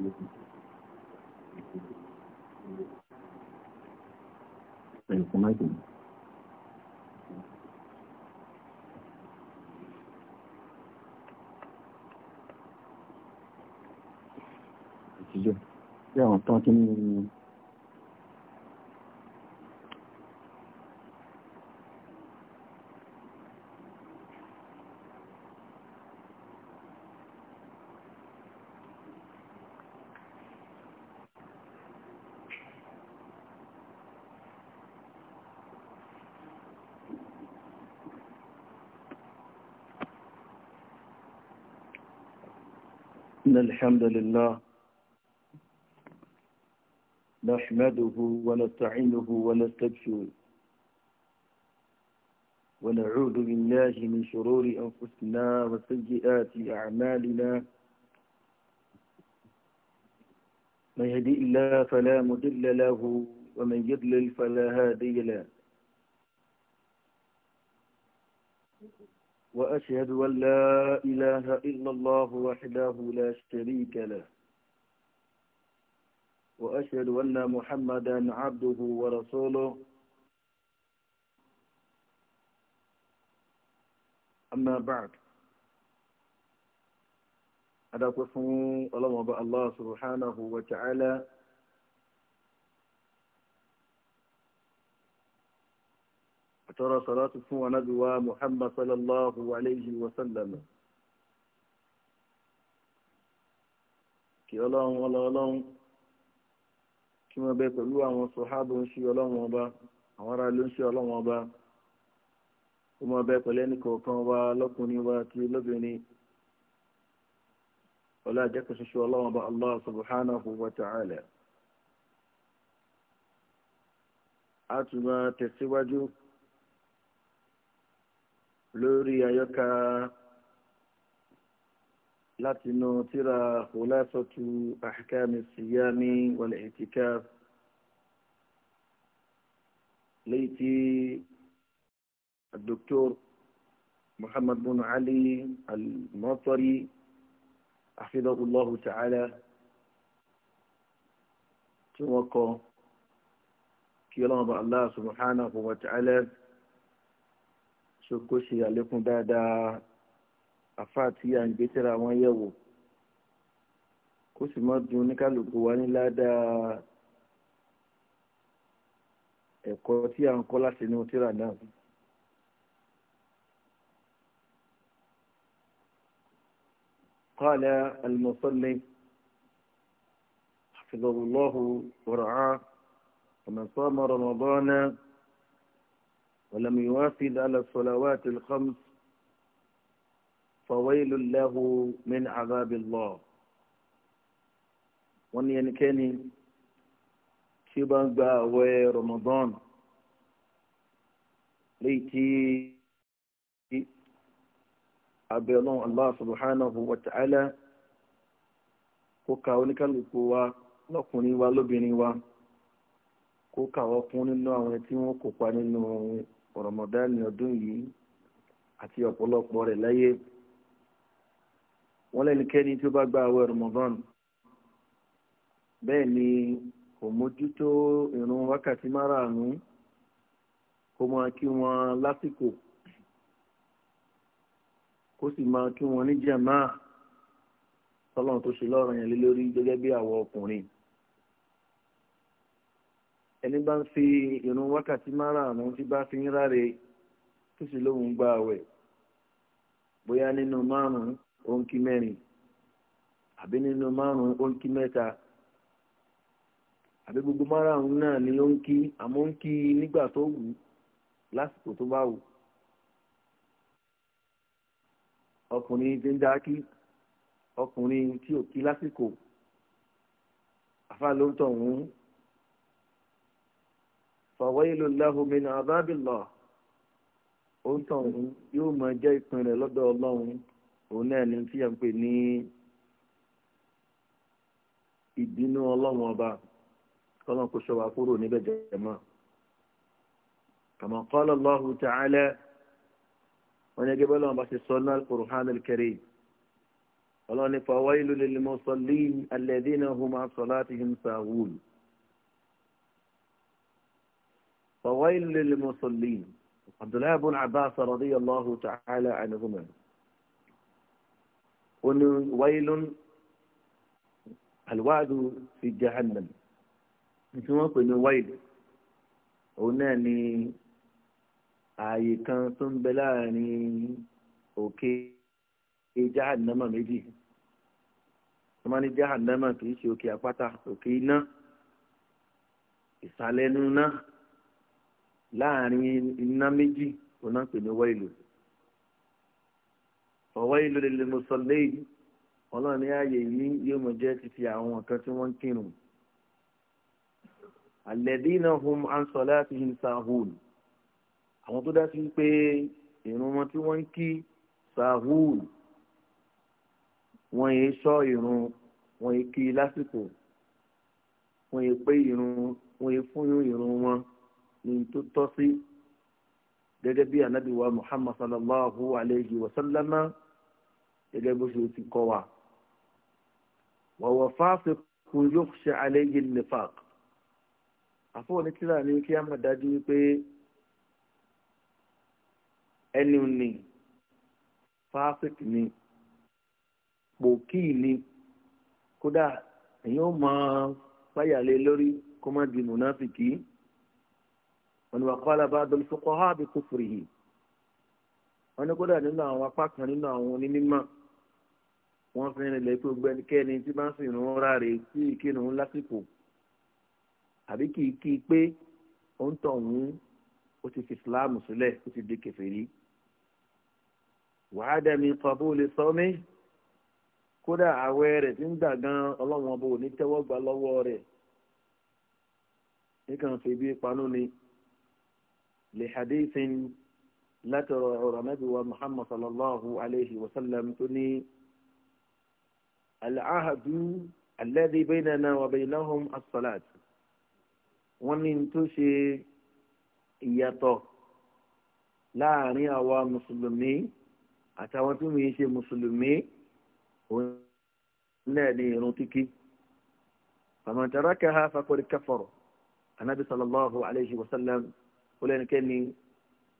Ìjọ́ tí àwọn tán kí ní الحمد لله نحمده ونستعينه ونستغفره ونعوذ بالله من شرور أنفسنا وسيئات أعمالنا من يهدي الله فلا مضل له ومن يضلل فلا هادي له وأشهد أن لا إله إلا الله وحده لا شريك له وأشهد أن محمدا عبده ورسوله أما بعد أدعوكم الله الله سبحانه وتعالى àtọ́rọ sọ̀rọ̀tù fún anábíwá muhammad sallallahu alayhi wa sallam kí ọlọ́run ọlọ́run kí wọ́n bẹ pẹ̀lú àwọn sọ̀hábù ń ṣe ọlọ́run ọba àwọn ará ló ń ṣe ọlọ́run ọba ó máa bẹ pẹ̀lú ẹnì kọ̀ọ̀kan wa lọ́kùnrin wa ti lóbìnrin ọlá àjẹkù ṣoṣo ọlọ́run ọba allah subhanahu wa ta'ala a tún máa tẹ̀síwájú lórí àyọkà látinú tíra khulasatu ahkami siyami wal i'tikaf léyìí tí الدكتور محمد بن علي المطري حفظه الله تعالى tí wọ́n kọ kí ọlọ́run Allah subhanahu wa ta'ala so ṣe àlékún dáadáa àfa àti àǹgbẹ́tẹ̀ra wọn yẹ̀ wò kó sì mọ́ dùn oníkálukú wa ní ládàá ẹ̀kọ́ tí à ń kọ́ láti inú tíra náà. قال المصلي حفظه الله ورعاه ومن صام رمضان ولم يواصل على الصلوات الخمس فويل له من عذاب الله wọ́n ní ẹnikẹ́ni tí ó bá ń gba àwẹ̀ Ramadan léyìí tí abẹ́ ọlọ́run Allah subhanahu wa ta'ala kó ka oníkálukú wa lọ́kùnrin wa lóbìnrin wa kó ka ọkùnrin nínú àwọn tí wọ́n kópa nínú rọmọdánì ọdún yìí àti ọ̀pọ̀lọpọ̀ rẹ̀ láyé wọ́n lẹ́nikẹ́ni tí ó bá gba àwẹ̀ rọmọdán bẹ́ẹ̀ ni kò mójútó ìrun wákàtí márààrún kó máa kí wọn lásìkò kó sì máa kí wọn ní tọ́lọ́run tó ṣe lọ́rọ̀ yẹn lé lórí gẹ́gẹ́ bí àwọn ọkùnrin ẹni bá ń fi irun wákàtí márààrún tí bá fi ń ráre tó sì lóun gba àwẹ̀ bóyá nínú márùn-ún ó mẹ́rin àbí nínú márùn-ún ó mẹ́ta àbí gbogbo márùn náà ni ó ń kí àmọ́ ń kí nígbà tó wù lásìkò tó bá wù. ọkùnrin tí ń dá kí ọkùnrin tí ò kí lásìkò àfa ló ń tọ̀ wọ́n fàwáyìlò láhùnmínà àbábìlọ òǹtàn yóò máa jẹ́ ìpín rẹ̀ lọ́dọ̀ ọlọ́run òun náà ni tí a ń pè ní ìbínú ọlọ́run ọba kọ́lọ́n kò ṣọwà kúrò níbẹ̀ jẹ̀mọ́ kama qala Allahu ta'ala wọ́n yẹ gẹ́gẹ́ lọ́wọ́ bá ṣe sọ náà al-Qur'an al ọlọ́run ni fàwáyìlò lil musallin alladhina hum an salatihim sahun. فويل للمصلين عبد الله بن عباس رضي الله تعالى عنهما ويل الوعد في جهنم ثم قلنا ويل هنا ني ààyè kan tó ń bẹ láàrin òkè jahannama méjì wọ́n máa ní jahannama kì í ṣe òkè àpáta òkè iná ìsàlẹ̀ nínú náà láàrin iná méjì òun náà pè ní wáìlù wáìlù lil musallin ọlọ́run ní ààyè yìí yóò mọ̀ jẹ́ títí àwọn kan tí wọ́n ń kírun alladhina hum an salatihim sahun àwọn tó dá sí pé ìrun wọn tí wọ́n ń kí sahun wọ́n yìí sọ ìrun wọ́n yìí kí lásìkò wọ́n yìí pé ìrun wọ́n yìí fún ìrun wọn ní tó tọ́ sí gẹ́gẹ́ bí anabi wa muhammad sallallahu alayhi wa sallama gẹ́gẹ́ bó ṣe ti kọ́ wa. wàwọ̀ fáfi kun yóò ṣe alayhi nifaq. àfọwọ́ ní tíra ni kí a máa dájú wípé ẹni ní fáfik ní pòkì ní kódà èyí ó máa fáyà lé lórí kó má di mùnáfìkì wọn ni wọn kọ́ alábàádọ́ ìfọkọ́ ha bí kò fìrì yìí wọn ní kódà nínú àwọn apá kan nínú àwọn onímọ̀ wọn fi rinlẹ̀ pé gbogbo ẹnikẹ́ni tí bá ń sìn ìrún ra rè tí ìkírun lásìkò àbí kì í kí i pé ó ń tọ̀ ọ̀hún ó ti fi islam sílẹ̀ ó ti di kèfèrí wàá dẹ̀mí kọ́bú lè sọ mí kódà àwẹ̀ rẹ̀ ti ń gbà gan ọlọ́wọ́n bò ní tẹ́wọ́ gbà lọ́wọ́ rẹ̀ nìkan fi bí panú ni. لحديث لا ترى نبي ومحمد صلى الله عليه وسلم تني العهد الذي بيننا وبينهم الصلاة ومن تشي ìyàtọ̀ láàrin àwa mùsùlùmí àtàwọn tí mi ṣe mùsùlùmí òun náà ní irun kíkí faman tarakaha faqad kafara anábì sallallahu alayhi wa sallam ó lẹ́nikẹ́ni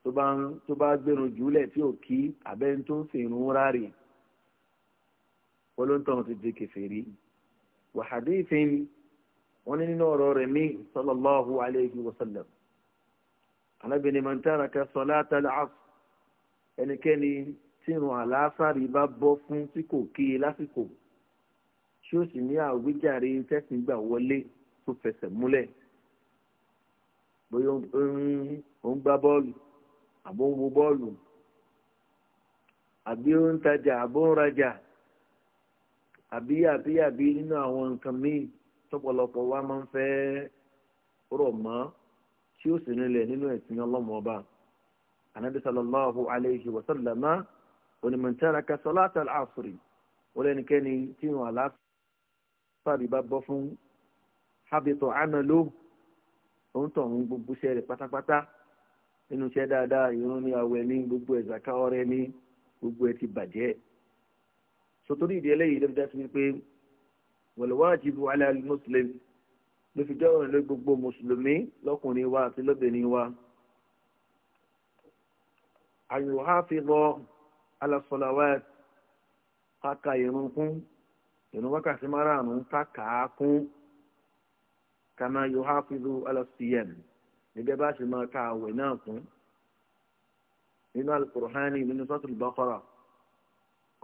tó bá tó bá gbẹ̀rùn jùlẹ̀ tí ò kí abẹ́ni tó ń fìrún rárẹ̀ olóńtàn ti di kèfèrí wàhádé ìfẹ́ni wọ́n ní nínú ọ̀rọ̀ rẹ̀ mí sallallahu alayhi wa sallam alábìnrin man taraka salata al-asr ẹnikẹ́ni tí ìrun àlàásàrì bá bọ́ fún tí kò kí i lásìkò tí ó sì ní àwíjàre tẹ́sìn gbà wọlé tó fẹsẹ̀ múlẹ̀ bóyá ó ń gbá bọ́ọ̀lù àbó ń wo bọ́ọ̀lù àbí ó ń tajà àbó ń rajà àbí àbí àbí nínú àwọn nǹkan míì tọ́pọ̀lọpọ̀ wa máa ń fẹ́ rọ̀ mọ́ tí ó sì nílẹ̀ nínú ẹ̀sìn ọlọ́mọba anabi sallallahu alayhi wa sallam onímọ̀tẹ́ra ka sọláàtà àfùrì ó lẹ́nikẹ́ni tí wọn àlàáfàbí bá bọ́ fún habitọ̀ àmàlóhùn ó ń tọ̀ ń gbogbo iṣẹ́ rẹ̀ pátápátá nínú iṣẹ́ dáadáa ìrun ní awẹ ní gbogbo ẹ̀ zaka ọrẹ ní gbogbo ẹ̀ ti bàjẹ́ sotori ìdí eléyìí lọ́fi dásí wípé wal-wajibu ala al-muslim ló fi jọ́rọ̀ lé gbogbo mùsùlùmí lọ́kùnrin wa àti lóbìnrin wa an yuhafiza ala salawat káka ìrun kún ìrun wákàtí márààrún káka kún kàmá yuhafizu ala siyam gẹ́gẹ́ bá ṣe máa ka àwẹ̀ náà fún nínú alukur'ani nínú sọ́tùlù baqara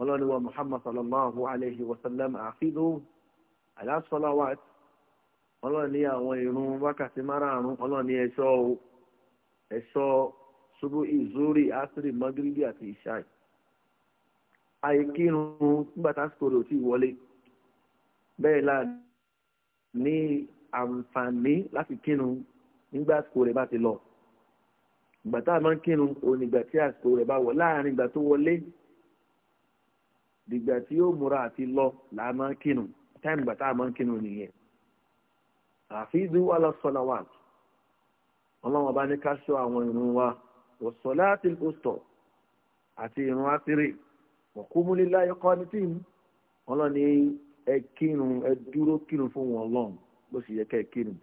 ọlọ́ni wa muhammad sallallahu alayhi wa sallam àfihàn ala salawat ọlọ́ni àwọn irun wákàtí márààrún ọlọ́ni ẹ̀ṣọ́ ẹ̀ṣọ́ ṣubú ìzúrí asiri magribi àti ìṣáì àìkírun nígbà tásìkò rẹ̀ ò tí wọlé bẹ́ẹ̀ láà ní àǹfààní láti kírun nígbà àsìkò rẹ̀ bá ti lọ ìgbà tá a máa ń kírun òun ìgbà tí àsìkò rẹ̀ bá wọ̀ láàrin ìgbà tó wọlé dìgbà tí yóò múra àti lọ là á máa ń kírun táìmù ìgbà tá a máa ń kírun nìyẹn àfihàn wà lọ sọlá wà ọlọ́wọ́n bá ní ká ṣọ́ àwọn ìrun wa wọ̀sọ̀lá àti ìkóstọ̀ àti ìrun àtìrè ọ̀kúmúlélá ẹ̀kọ́ ní tíìmù ọlọ́ni ẹ kírun ẹ dúró kírun fún wọn lọ́hùn bó sì yẹ ká ẹ kírun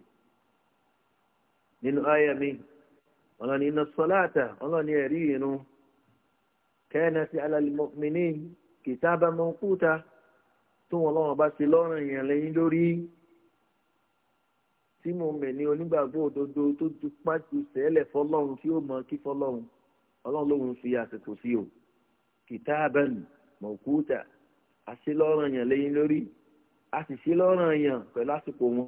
nínú àyà mi ọlọ́ni iná sọláàtà ọlọ́ni ẹ̀rí irun kẹ́ẹ̀nà sí alálìmọ́mìnì kìtàbà mọ́kúta tó wọn lọ́wọ́ bá ṣe lọ́rùn èèyàn lẹ́yìn lórí tí mo mẹ̀ ní onígbàgbọ́ òdodo tó dupá ju sẹ́lẹ̀ fọlọ́run tí ó mọ kí fọlọ́run ọlọ́run lòun fi àsìkò sí o kìtàbà mọ́kúta àṣelọ́rùn lẹ́yìn lórí a sì ṣe lọ́rùn yàn pẹ̀lú àsìkò wọn.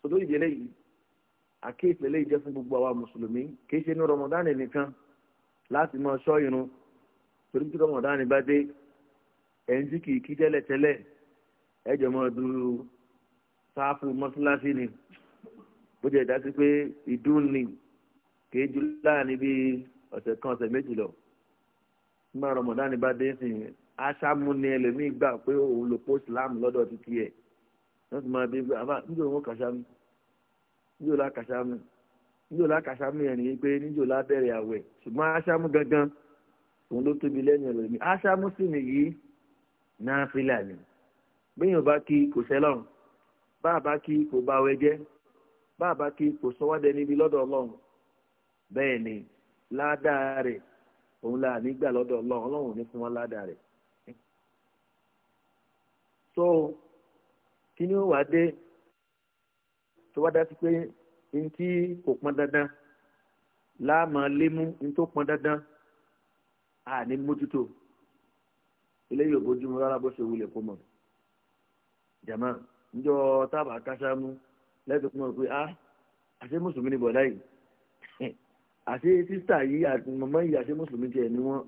sọdọ ìdílé yìí àkéèsì eléyìí jẹ́ fún gbogbo àwa mùsùlùmí kì í ṣe ní rọmọdánì nìkan láti máa ṣọ́ irun torí tí rọmọdánì bá dé ẹ̀ńtí kì í kí tẹ́lẹ̀tẹ́lẹ̀ ẹ̀jọ̀ máa dúró sáfù mọ́ṣáláṣí ni bó jẹ́ ìdásí pé ìdún ni kì í ju láàrin bíi ọ̀sẹ̀ kan ọ̀sẹ̀ méjì lọ nígbà rọmọdánì bá dé sìn yẹn aṣáájú ni ẹlòmíín gbà pé òun lò pọ̀ islam lọ́dọ̀ títí ẹ̀ wọ́n ti máa bí gbé àbá níjò wọn kàṣámù níjò lá kàṣámù níjò lá kàṣámù yẹn nìyí pé níjò lá bẹ̀rẹ̀ àwẹ̀ ṣùgbọ́n aṣáájú gangan òun ló tóbi lẹ́yìn ẹlòmíín aṣáájú sì nìyí náà fílà ni bẹ́yìn bá kí kò sẹ́lọ̀rùn bá a bá kí kò bá wẹ jẹ́ bá a bá kí kò sọ́wọ́dẹ níbi lọ́dọ̀ ọlọ́run bẹ́ẹ̀ ni ládàá rẹ̀ òun là nígbà lọ́dọ̀ ọlọ́run ọlọ́run ò ní fún wọn ládàá rẹ̀ sọ ọ kí ni ó wàá dé tó bá dá sí pé n tí kò pọn dandan láàmọ lémú n tó pọn dandan a ní mójútó eléyìí ò bójúmu rárá bó ṣe wulẹ̀ kó mọ̀ jàmá njọ tábà kásámú lẹ́tọ̀ọ́ fún ọ pé a ah, àṣẹ mùsùlùmí ni bọ̀dá yìí àṣẹ sísítà yìí àti mọ̀mọ́ yìí àṣẹ mùsùlùmí tiẹ̀ ni wọ́n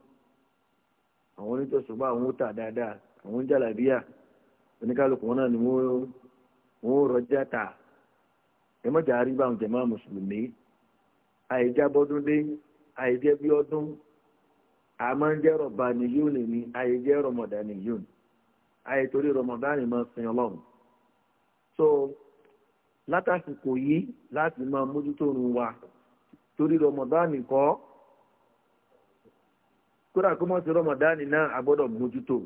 àwọn onítọ̀sùnmọ́ àwọn ó tà dáadáa àwọn ń jàlàbíyà oníkálukú wọn náà ni wọn wọn rọjá ta ẹ mọ̀jà àríwá àwọn jẹ̀mọ́ mùsùlùmí àìjábọ́dún dé àìjẹ́ bí ọdún àmọ́ ń rọ̀bà ni yóò lè ní àìjẹ́ rọmọdà ni yóò ní àìtorí rọmọdà ni máa sin ọlọ́run so látàsìkò yìí láti máa mójútó òun wa torí rọmọdà nìkọ́ kódà kó mọ̀ sí rọmọdà ni náà a gbọ́dọ̀ mójútó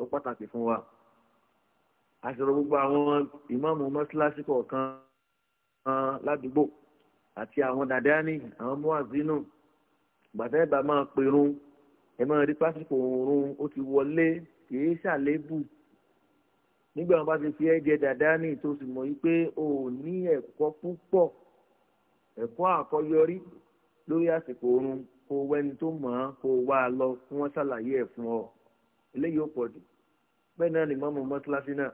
ó pàtàkì fún wa àṣírò gbogbo àwọn ìmáàmù mọ́ṣáláṣí kọ̀ọ̀kan ah, ládùúgbò àti àwọn dàdáni àwọn mọ́àzínù gbàtẹ́ ìbá máa pèrún ẹ máa rí pásítọ̀ òórùn ó ti wọlé kìí ṣàlébù nígbà wọn bá ti fi ẹ̀jẹ̀ dàdáni tó sì mọ̀ wípé o ò ní ẹ̀kọ́ púpọ̀ ẹ̀kọ́ àkọyọrí lórí àsìkò oorun kó wẹ́ni tó mọ̀ ọ́n kó wá a lọ kí wọ́n ṣàlàyé ẹ̀ fún ọ eléyìí ó pọ̀ jù bẹ́ẹ̀ náà ni mọ́mọ́ mọ́ṣáláṣí náà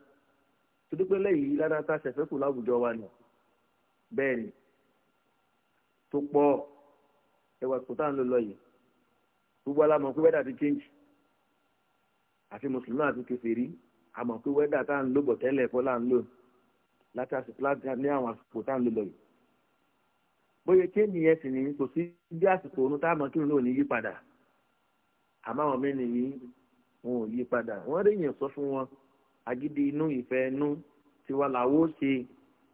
torí pé lẹ́yìn lára ta ṣẹ̀fẹ́ kù láwùjọ wa nù bẹ́ẹ̀ ni tó pọ̀ ẹwà kò tá à ń lò lọ yìí gbogbo alámọ̀ pé wẹ́dà ti change àti mùsùlùmí àti kèfèrí àmọ̀ pé wẹ́dà tá à ń lò bọ̀ tẹ́lẹ̀ kọ́ là ń lò láti àsìkò láti ní àwọn àsìkò tá à ń lò lọ yìí bóyá tí ènìyàn sì ní kò sí bí àsìkò òun tá a mọ̀ kí òun náà ní yí padà àmọ́ àwọn mẹ́rin ní wọn ò yí padà rí èèyàn sọ fún wọn agídí inú ìfẹ́ inú tiwa làwọn ó ṣe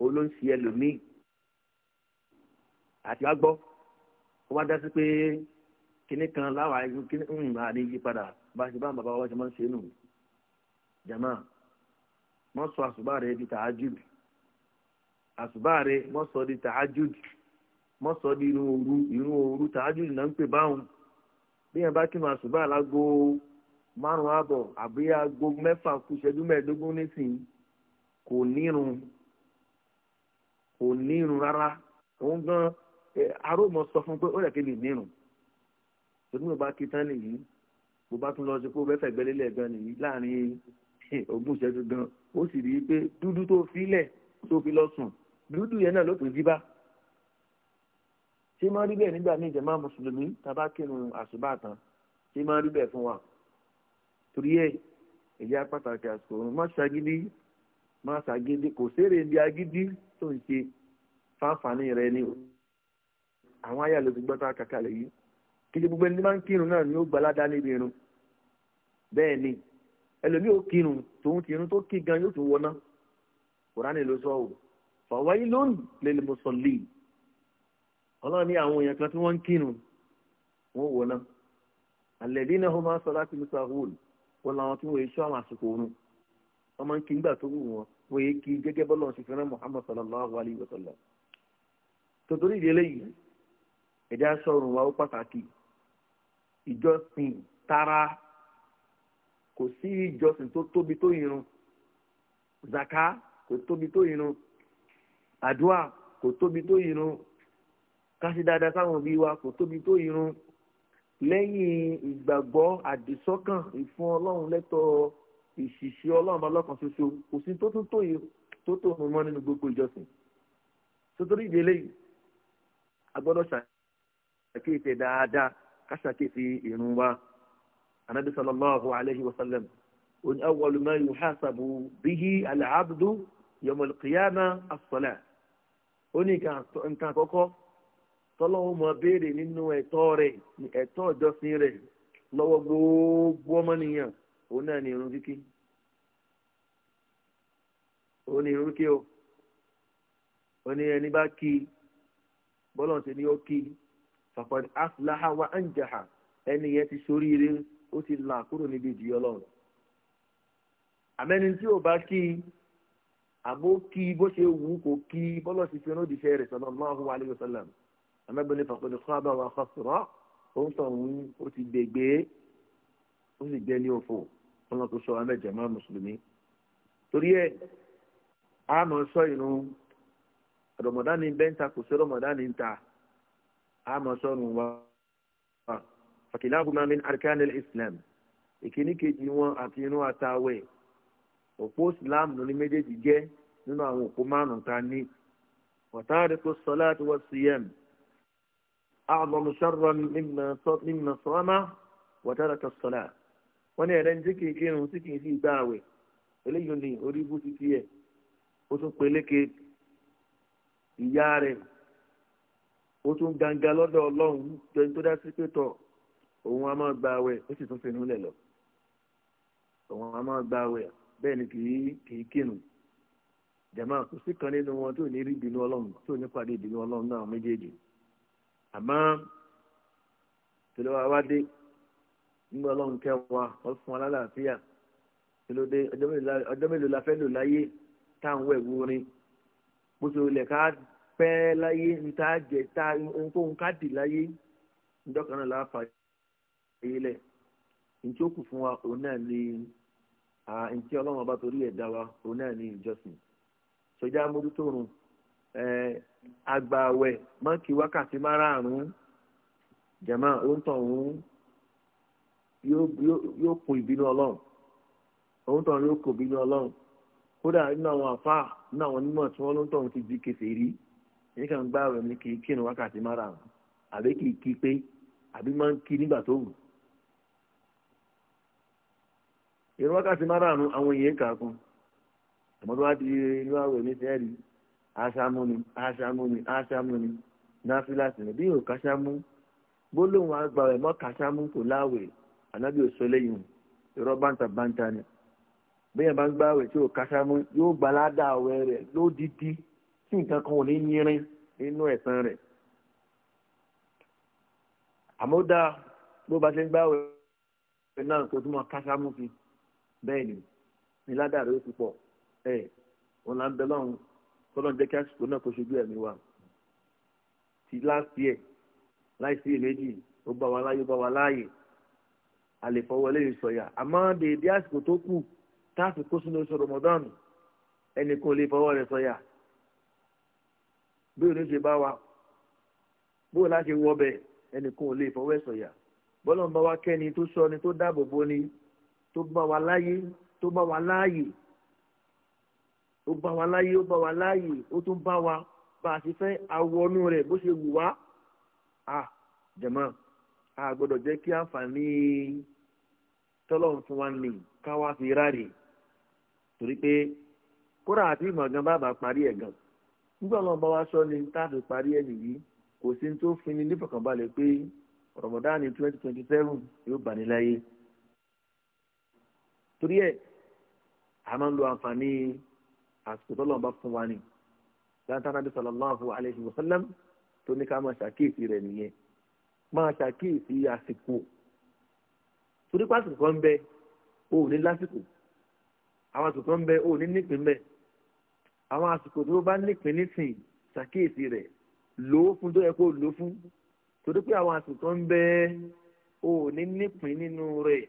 olóńsì ẹlòmíì àti wá gbọ́ ó wá dá sí pé kinní kan láwa kinní ń hmm, bá ní yípadà bá ṣe bá bàbá wa ṣe máa ń ṣe nù jama mọ sọ àṣùbà rẹ di tàájùd àṣùbà rẹ mọ sọ di tàájùd mọ sọ di irun òru irun òru tàájùd náà ń pè báwọn bí yẹn bá kí n máa àṣùbà lágbo márùn-ún àbọ̀ àbí aago mẹ́fà kù ṣẹ́jú mẹ́ẹ̀ẹ́dógún nísìnyí kò nírun kò nírun rárá òun gan arómọ sọ fún pé ó yẹ kí lè nírun torí mo bá kí tán nìyí bó bá tún lọ sí pé ó fẹ́ gbẹ́lélẹ̀ gan nìyí láàrin ogún ìṣẹ́jú gan ó sì rí i pé dúdú tó filẹ̀ tó fi lọ sùn dúdú yẹn náà ló tún jí bá ṣé máa rí bẹ́ẹ̀ nígbà míì jẹ́ máa mùsùlùmí tá kírun àṣùbà tán ṣé máa rí bẹ́ẹ̀ fún wa torí ẹ pàtàkì àsìkò má ṣàgídí má ṣàgídí kò sérè ibi agídí tó ń ṣe fáǹfààní rẹ ni àwọn ayé gbogbo ẹni máa ń kírun náà ni ó gbalada níbi irun ni ẹlòmíì ó kírun tòun ti irun tó gan yóò tún wọná kùránì ló sọ ò fàwáyé lónìí lẹ́lẹ́ mo sọ lè ọlọ́run ní àwọn èèyàn kan tí ń kírun wọná máa sọ láti wọn làwọn tí wọn yẹ sọ àwọn àsìkò oorun wọn máa ń kí nígbà tó wù wọn wọn yẹ kí gẹ́gẹ́ bọlọ ṣe fẹ́ràn muhammad sallallahu alayhi wa sallam tòtòrí ìdílé yìí ẹjẹ sọrùn wa ó pàtàkì ìjọsìn tara kò sí ìjọsìn tó tóbi tó irun zaka kò tóbi tó irun àdúrà kò tóbi tó irun káṣí sáwọn òbí wa kò tóbi tó irun lẹ́yìn ìgbàgbọ́ àdìsọ́kàn ìfún ọlọ́run lẹ́tọ̀ọ́ ìṣìṣẹ́ ọlọ́run ọlọ́kan ṣoṣo kò sí tó tún tóye tó tó mú mọ́ nínú gbogbo ìjọsìn sotori ìdílé yìí a gbọ́dọ̀ ṣàkíyèsí dáadáa ká ṣàkíyèsí ìrun wa anabi sallallahu alayhi wa sallam ó ní awwalu ma yuhasabu bihi al-abdu yawm al nǹkan àkọ́kọ́ tọ́lọ́wọ́ mọ béèrè nínú ẹ̀tọ́ rẹ̀ ẹ̀tọ́ ìjọsìn rẹ̀ lọ́wọ́ gbogbo ọmọnìyàn òun náà ní irun kíkí o òun ní ẹni bá kí bọ́lọ̀ ṣe ni ó kí fàkọ́ni afúláhà wa ń jàhà ẹni yẹn ti ṣoríire ó ti là kúrò níbi ìdíyọ́ lọ́rùn àmẹ́ni tí ò bá kí àbó kí bó ṣe wù kó kí bọ́lọ̀ ṣe anábẹ́ni fàkọ́ni fábà wà fásitì ó ń tàn wí ó ti gbègbè ó sì gbé ní òfò wọn kò sọ amẹ́jẹ̀ máa mùsùlùmí torí ẹ̀ a máa sọ ìrun rọmọdánì bẹ́ńtà kò sí rọmọdánì ń ta a máa sọ ìrun wa fàkìláàbùmá min arkan al-islam ìkíní kejì wọn àti inú àtàwẹ̀ òpó islam ní méjèèjì jẹ́ nínú àwọn òpó márùn-ún ta ní wàtàrí kò sọlá àti wọ́n sí yẹn. أعظم شرا مما مما صام وترك الصلاة وأنا رنجكي كين وسكي في باوي إليني أريبو سكيه وسوق لك ياري ó tún gangan lọ́dọ̀ ọlọ́run jẹun tó dá sí pé tọ̀ òun a máa gba awẹ ó sì tún fẹnu lẹ̀ lọ òun a máa gba awẹ bẹ́ẹ̀ ni kì í kì í kírun jàmáà kò sí kan nínú wọn tó ní rí ìbínú ọlọ́run tó ní pàdé ìbínú ọlọ́run náà méjèèjì àmọ́ tìlú wa wá dé nígbà ọlọ́run kẹwàá wọ́n fún alálàáfíà tìlú dé ọjọ́ mélòó la lò láyé táwọn ẹ̀wù orin bó ṣe ká pẹ́ láyé níta jẹ ta ohunkóhun ká láyé níjọ́ kan náà la fà ntí ó kù fún wa òun wa òun náà ní ìjọsìn sọjá mójútó àgbààwẹ̀ mọ́kì wákàtí márààrún jẹ̀mọ́ òǹtọ̀ òun yóò kun ìbínú ọlọ́run òǹtọ̀ yóò kun ìbínú ọlọ́run kódà nínú àwọn àfáà nínú àwọn onímọ̀ tí wọ́n lóǹtọ̀ ti di kèfèrí ní kàn gbá rẹ̀ ní kì í kírun wákàtí márààrún àbí kì í kí pé àbí máa ń kí nígbà tó wù. ìrun wákàtí márààrún àwọn èèyàn kà á kún àmọ́ tó wá di inú àwẹ̀ ní sẹ́ẹ̀rì aṣámú ni aṣámú ni aṣámú ni náfìlàsì ni bí yóò káṣámú gbólóhùn àgbà rẹ̀ mọ́ káṣámú kò láwèé ànábì òṣèlú lẹ́yìn irọ́ báńtà báńtà ni bẹ́ẹ̀ bá ń gbá àwẹ̀ tí ò káṣámú yóò gba ládà àwẹ̀ rẹ̀ lódìdí tí nǹkan kan ò ní yínrín nínú ẹ̀san rẹ̀ àmúdá bó ba ṣe ń gbá àwẹ̀ náà kò tún mọ́ káṣámú fi bẹ́ẹ̀ ni ni ládà rẹ̀ ó ti pọ̀ ẹ̀ òun là ń bẹ lọ́run kọ́lọ́n jẹ́ kí àsìkò náà kó ṣojú ẹ̀mí wa ti last year láì sí èméjì ó bá wa láyé ó bá wa láàyè a lè fọwọ́ eléyìí sọ̀yà àmọ́ dèédé àsìkò tó kù táàfin kó sínú oṣù rọmọdán ẹnìkan lè fọwọ́ rẹ̀ sọ̀yà bí òní bá wa bó láti wọ bẹ ẹnìkan ò lè fọwọ́ sọ̀yà bọ́lọ̀ ń bá wa kẹ́ni tó sọ ni tó dáàbò bo ni tó bá wa láyé tó bá wa láàyè ó bá wa láyé ó bá wa láàyè ó tún bá wa bá a ti fẹ́ awọnú rẹ̀ bó ṣe wù wá à jẹ̀mọ́ a gbọ́dọ̀ jẹ́ kí àǹfààní tọ́lọ́run fún wa nì káwá fi ráre torí pé kódà àti ìmọ̀gán bàbá parí ẹ̀ gan nígbà wọn bá wa sọ ni táàbì parí ẹ̀ nìyí kò sí tó fi ni nífọ̀kànbalẹ̀ pé rọ̀mọ̀dánì twenty twenty seven yóò bà ní láyé torí ẹ̀ a máa ń lo àǹfààní àsìkò tó lọ́nà bá fún wa ni dáńtá nàbí sallallahu alayhi wa sallam tó ní ká máa ṣàkíyèsí rẹ̀ nìyẹn máa ṣàkíyèsí àsìkò torí pásìkò kan bẹ o ò ní lásìkò àwọn àsìkò kan bẹ o ò ní nípìn bẹ àwọn àsìkò tó bá nípìn nísìn ṣàkíyèsí rẹ̀ lò ó fún tó yẹ kó lò ó fún torí pé àwọn àsìkò kan bẹ o ò ní nípìn nínú rẹ̀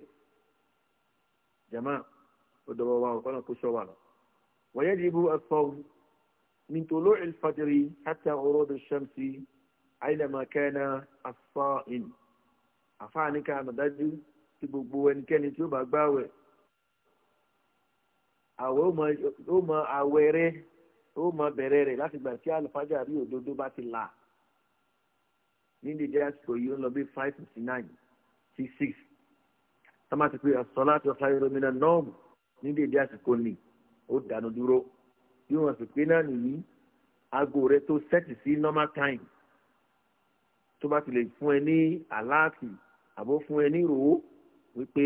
jama ọdọ wa wa ọkọ náà kó sọ wà lọ. ويجب الصوم من طلوع الفجر حتى غروب الشمس أينما كان الصائم àfáàní ká àmọ̀dájú tí gbogbo ẹnikẹ́ni tí ó bá gbáwẹ̀ àwẹ̀ ó mọ àwẹ̀ rẹ̀ ó mọ bẹ̀rẹ̀ rẹ̀ láti gbà tí àlùfáàjà rí òdodo bá ti là ní dídé àsìkò yìí ó ń lọ bí five fifty nine sí six tá má ti pè àsọlá tó fáyọ̀ lómìnira nọ́ọ̀mù ní dídé àsìkò nìyí ó dànù dúró bí wọ́n sì pé náà nìyí aago rẹ tó sẹ́ẹ̀tì sí normal time tó bá ti lè fún ẹ ní aláàtì àbó fún ẹ ní ìròwó wípé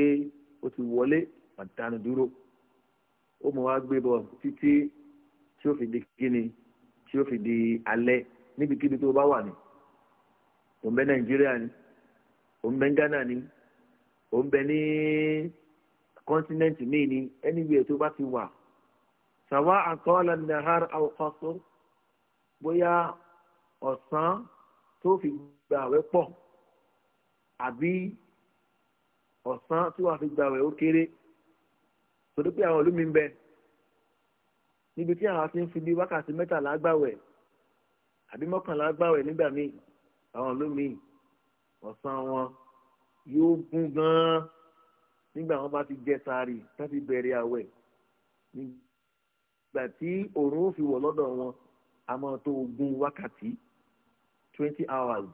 ó ti wọlé àdánù dúró ó mọ wá gbé bọ títí tí ó fi di kíni tí ó fi di alẹ́ níbikíbi tó bá wà ní ò ń bẹ nàìjíríà ni ò ń bẹ ghana ni ò ń bẹ ní kọ́ńtínẹ́ǹtì míì ni anywhere tó bá ti wà سواء طال النهار أو قصر bóyá ọ̀sán tó fi gba àwẹ̀ pọ̀ àbí ọ̀sán tí wàá fi gba àwẹ̀ ó kéré torí pé àwọn olómi ń bẹ níbi tí àwọn ti ń fi bí wákàtí mẹ́tàlá gbàwẹ̀ àbí mọ́kànlá gbàwẹ̀ nígbà míì àwọn olómi ọ̀sán wọn yóò gún gan-an nígbà wọn bá ti jẹ sààrì tá bẹ̀rẹ̀ àwẹ̀ nígbà gbà tí òòrùn ó fi wọ̀ lọ́dọ̀ wọn a máa tó ogún wákàtí twenty hours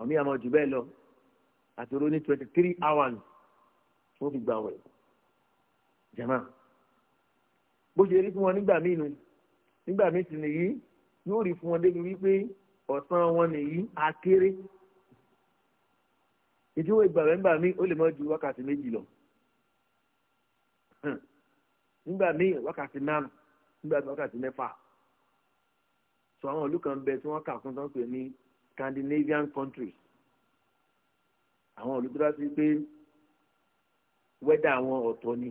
àmì àmọ́ jù bẹ́ẹ̀ lọ àtòrò ní twenty three hours wọ́n fi gbà wẹ̀ jama bó ṣe rí fún wọn nígbà míì nu nígbà míì sì nìyí yóò rí fún wọn débi wípé ọ̀sán wọn nìyí akéré ìdíwọ̀ ìgbà wẹ̀ ńgbà míì ó lè mọ́ ju wákàtí méjì lọ nígbà míì wákàtí márùn nígbà míì wákàtí mẹ́fà so àwọn ìlú kan bẹ tí wọ́n kà fún tán pè ní Scandinavian countries àwọn ìlú tó dá sí pé wẹ́dà àwọn ọ̀tọ̀ ni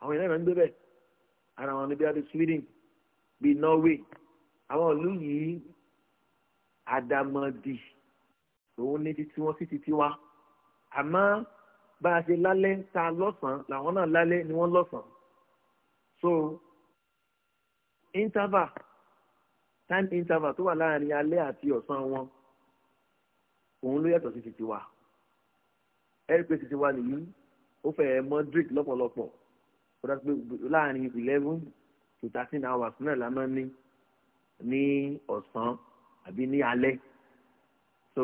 àwọn ìlànà ń gbé bẹ́ẹ̀ ara wọn ni adé Sweden bíi Norway àwọn ìlú yìí àdàmọ̀dì òun ní títí wọn sí títí wa àmọ́ bá a ṣe lálẹ́ ta lọ́sàn-án làwọn náà lálẹ́ ni wọ́n lọ́sàn-án so interval time interval tó wà láàrin alẹ́ àti ọ̀sán wọn òun ló yàtọ̀ sí ti tiwa ẹ̀rí pé ti tiwa nìyí ó fẹ́ mọ́ drink lọ́pọ̀lọpọ̀ ó dá pé láàrin eleven to thirteen hours náà la máa ní ní ọ̀sán àbí ní alẹ́ so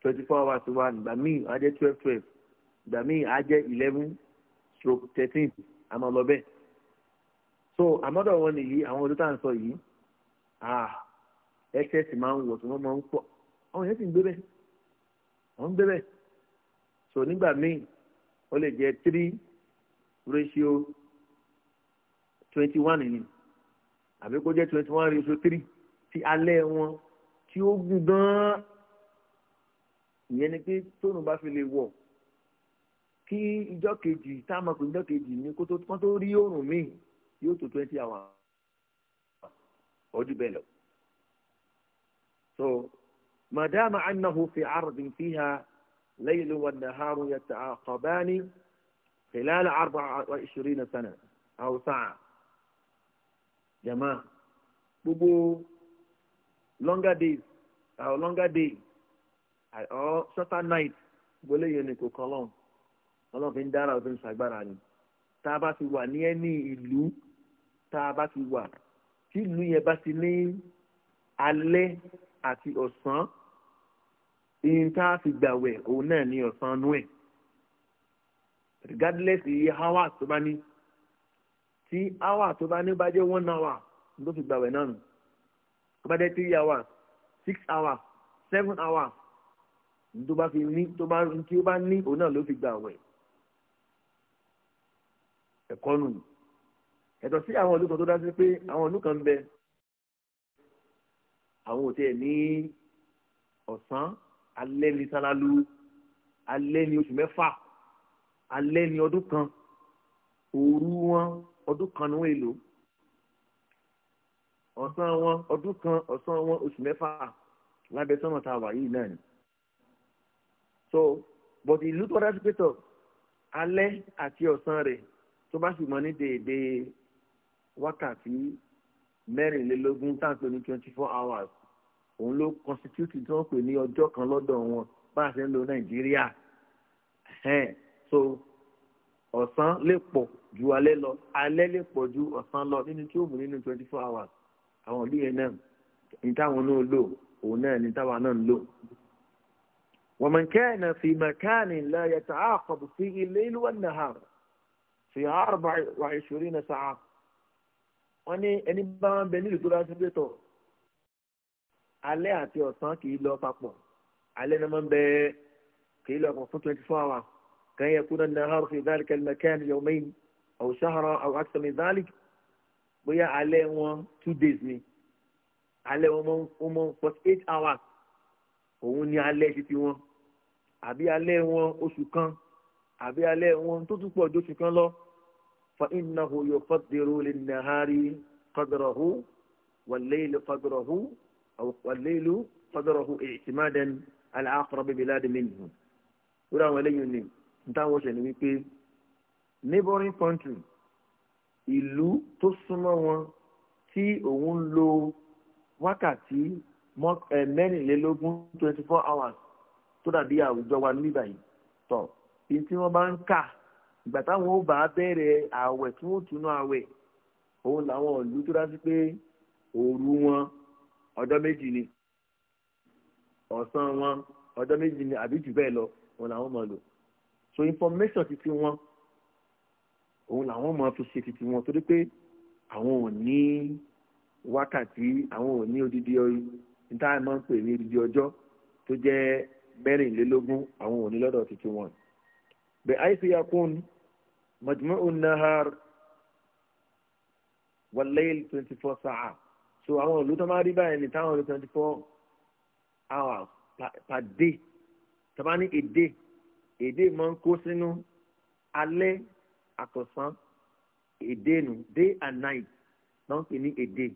twenty four hours wa nígbà míì á jẹ́ twelve twelve nígbà míì á jẹ́ eleven stroke thirteen a máa lọ bẹ́ẹ̀ so àmọ́dọ̀ wọn nìyí àwọn ọdún tá à ń sọ yìí excess ah, máa ń wọ̀ tí wọ́n máa ń pọ̀ àwọn yẹn sì ń gbé bẹ́ẹ̀ wọ́n ń gbé bẹ́ẹ̀ so nígbà míì ó lè jẹ́ three ratio twenty one ni àbí kó jẹ́ twenty one ratio three ti alẹ́ wọn tí ó gùn gan-an ìyẹn ni pé tóun bá fi lè wọ̀ tí ìjọ kejì tá a mọ̀ pé ìjọ kejì ni kó tó kán rí oòrùn míì yóò tó twenty hours ọdún bẹ́ẹ̀ lọ. so madama annahu fi ardin fiha laylu wa naharu yata'aqabani khilala arba'a wa ishirina sana aw sa'a jama gbogbo longer days or longer day or shorter night gbọ́lẹ́yìn ni kò kọ́ ọlọ́run fi ń dára òfin ṣàgbára ni tá a bá ti wà ní ẹni ìlú tá a bá ti wà tí ìlú yẹn bá ti ní alẹ́ àti ọ̀sán ìyìn tá a fi gbàwẹ̀ òun náà ní ọ̀sán nú ẹ̀ regardless iye hour tó bá ní tí hour tó bá ní bá jẹ́ one hour ló fi gbàwẹ̀ náà nù tó bá jẹ́ three hours six hours seven hours tó bá fi ní tó bá ní òun náà ló fi gbàwẹ̀ ẹ̀kọ́ nù ẹ̀tọ́ sí àwọn ìlú kan tó dá sí pé àwọn ìlú kan bẹ àwọn òtí ẹ̀ ní ọ̀sán alẹ́ ní sálálú alẹ́ ní oṣù mẹ́fà alẹ́ ní ọdún kan òru wọn ọdún kan ni wọ́n èlò ọ̀sán wọn ọdún kan ọ̀sán wọn oṣù mẹ́fà lábẹ́ sọ́nà tá a wà yìí náà ni so but ìlú tó dá sí pé tọ̀ alẹ́ àti ọ̀sán rẹ̀ tó bá sì mọ ní déédé wákàtí mẹ́rìnlélógún tá ní twenty four hours òun ló constitute tí wọ́n pè ní ọjọ́ kan lọ́dọ̀ wọn bá a ṣe ń lo nàìjíríà so ọ̀sán lè pọ̀ ju alẹ́ lọ alẹ́ lè pọ̀ ju ọ̀sán lọ nínú tí nínú twenty four hours àwọn ìlú yẹn náà ní táwọn náà lò òun náà ní táwọn náà ń lò. ومن كان في مكان لا يتعاقب فيه الليل والنهار fi arba wa ishirina sa'a wọ́n ní ẹni bá ń bẹ nílùú tó bá ti gbẹtọ alẹ́ àti ọ̀sán kì í lọ papọ̀ alẹ́ náà máa ń bẹ kì í lọ papọ̀ fún twenty four hours kan yakuna an-nahar fi dhalika al-makan yawmayn aw shahran aw akthar min dhalik bóyá alẹ́ wọn two days ni alẹ́ wọn mọ wọn mọ forty eight hours òun ni alẹ́ ti ti wọn àbí alẹ́ wọn oṣù kan àbí alẹ́ wọn tó tún pọ̀ jóṣù kan lọ fa innahu yufaddiru lin-nahari qadrahu wal-layli qadrahu wal-laylu qadrahu i'timadan ala aqrab bilad minhu. lórí àwọn eléyìí ni nítawọn ṣe ni wípé neighboring country ìlú tó súnmọ́ wọn tí òun lo wákàtí eh, mẹ́rìnlélógún twenty four hours tó dàbí àwùjọ wa níbàyí tọ̀ èyí tí wọ́n bá ń kà ìgbà táwọn ó bá bẹ̀rẹ̀ àwẹ̀ tí wọ́n túnú àwẹ̀ òun làwọn ìlú tó dá sí pé òru wọn ọjọ́ méjì ni ọ̀sán wọn ọjọ́ méjì ni àbí jù bẹ́ẹ̀ lọ òun làwọn máa lò so information ti wọn òun làwọn máa fi ṣe ti wọn torí pé àwọn ò ní wákàtí àwọn ò ní odidi ọyìn níta máa ń pè ní odidi ọjọ́ tó jẹ́ mẹ́rìnlélógún àwọn ò ní lọ́dọ̀ tuntun wọn. بحيث يكون مجموع النهار والليل 24 ساعة so àwọn òlù tó máa rí báyìí ní táwọn òlù 24 hours per day tó bá ní èdè èdè máa ń kó sínú alẹ́ àtọ̀sán èdè day and night náà ń pè ní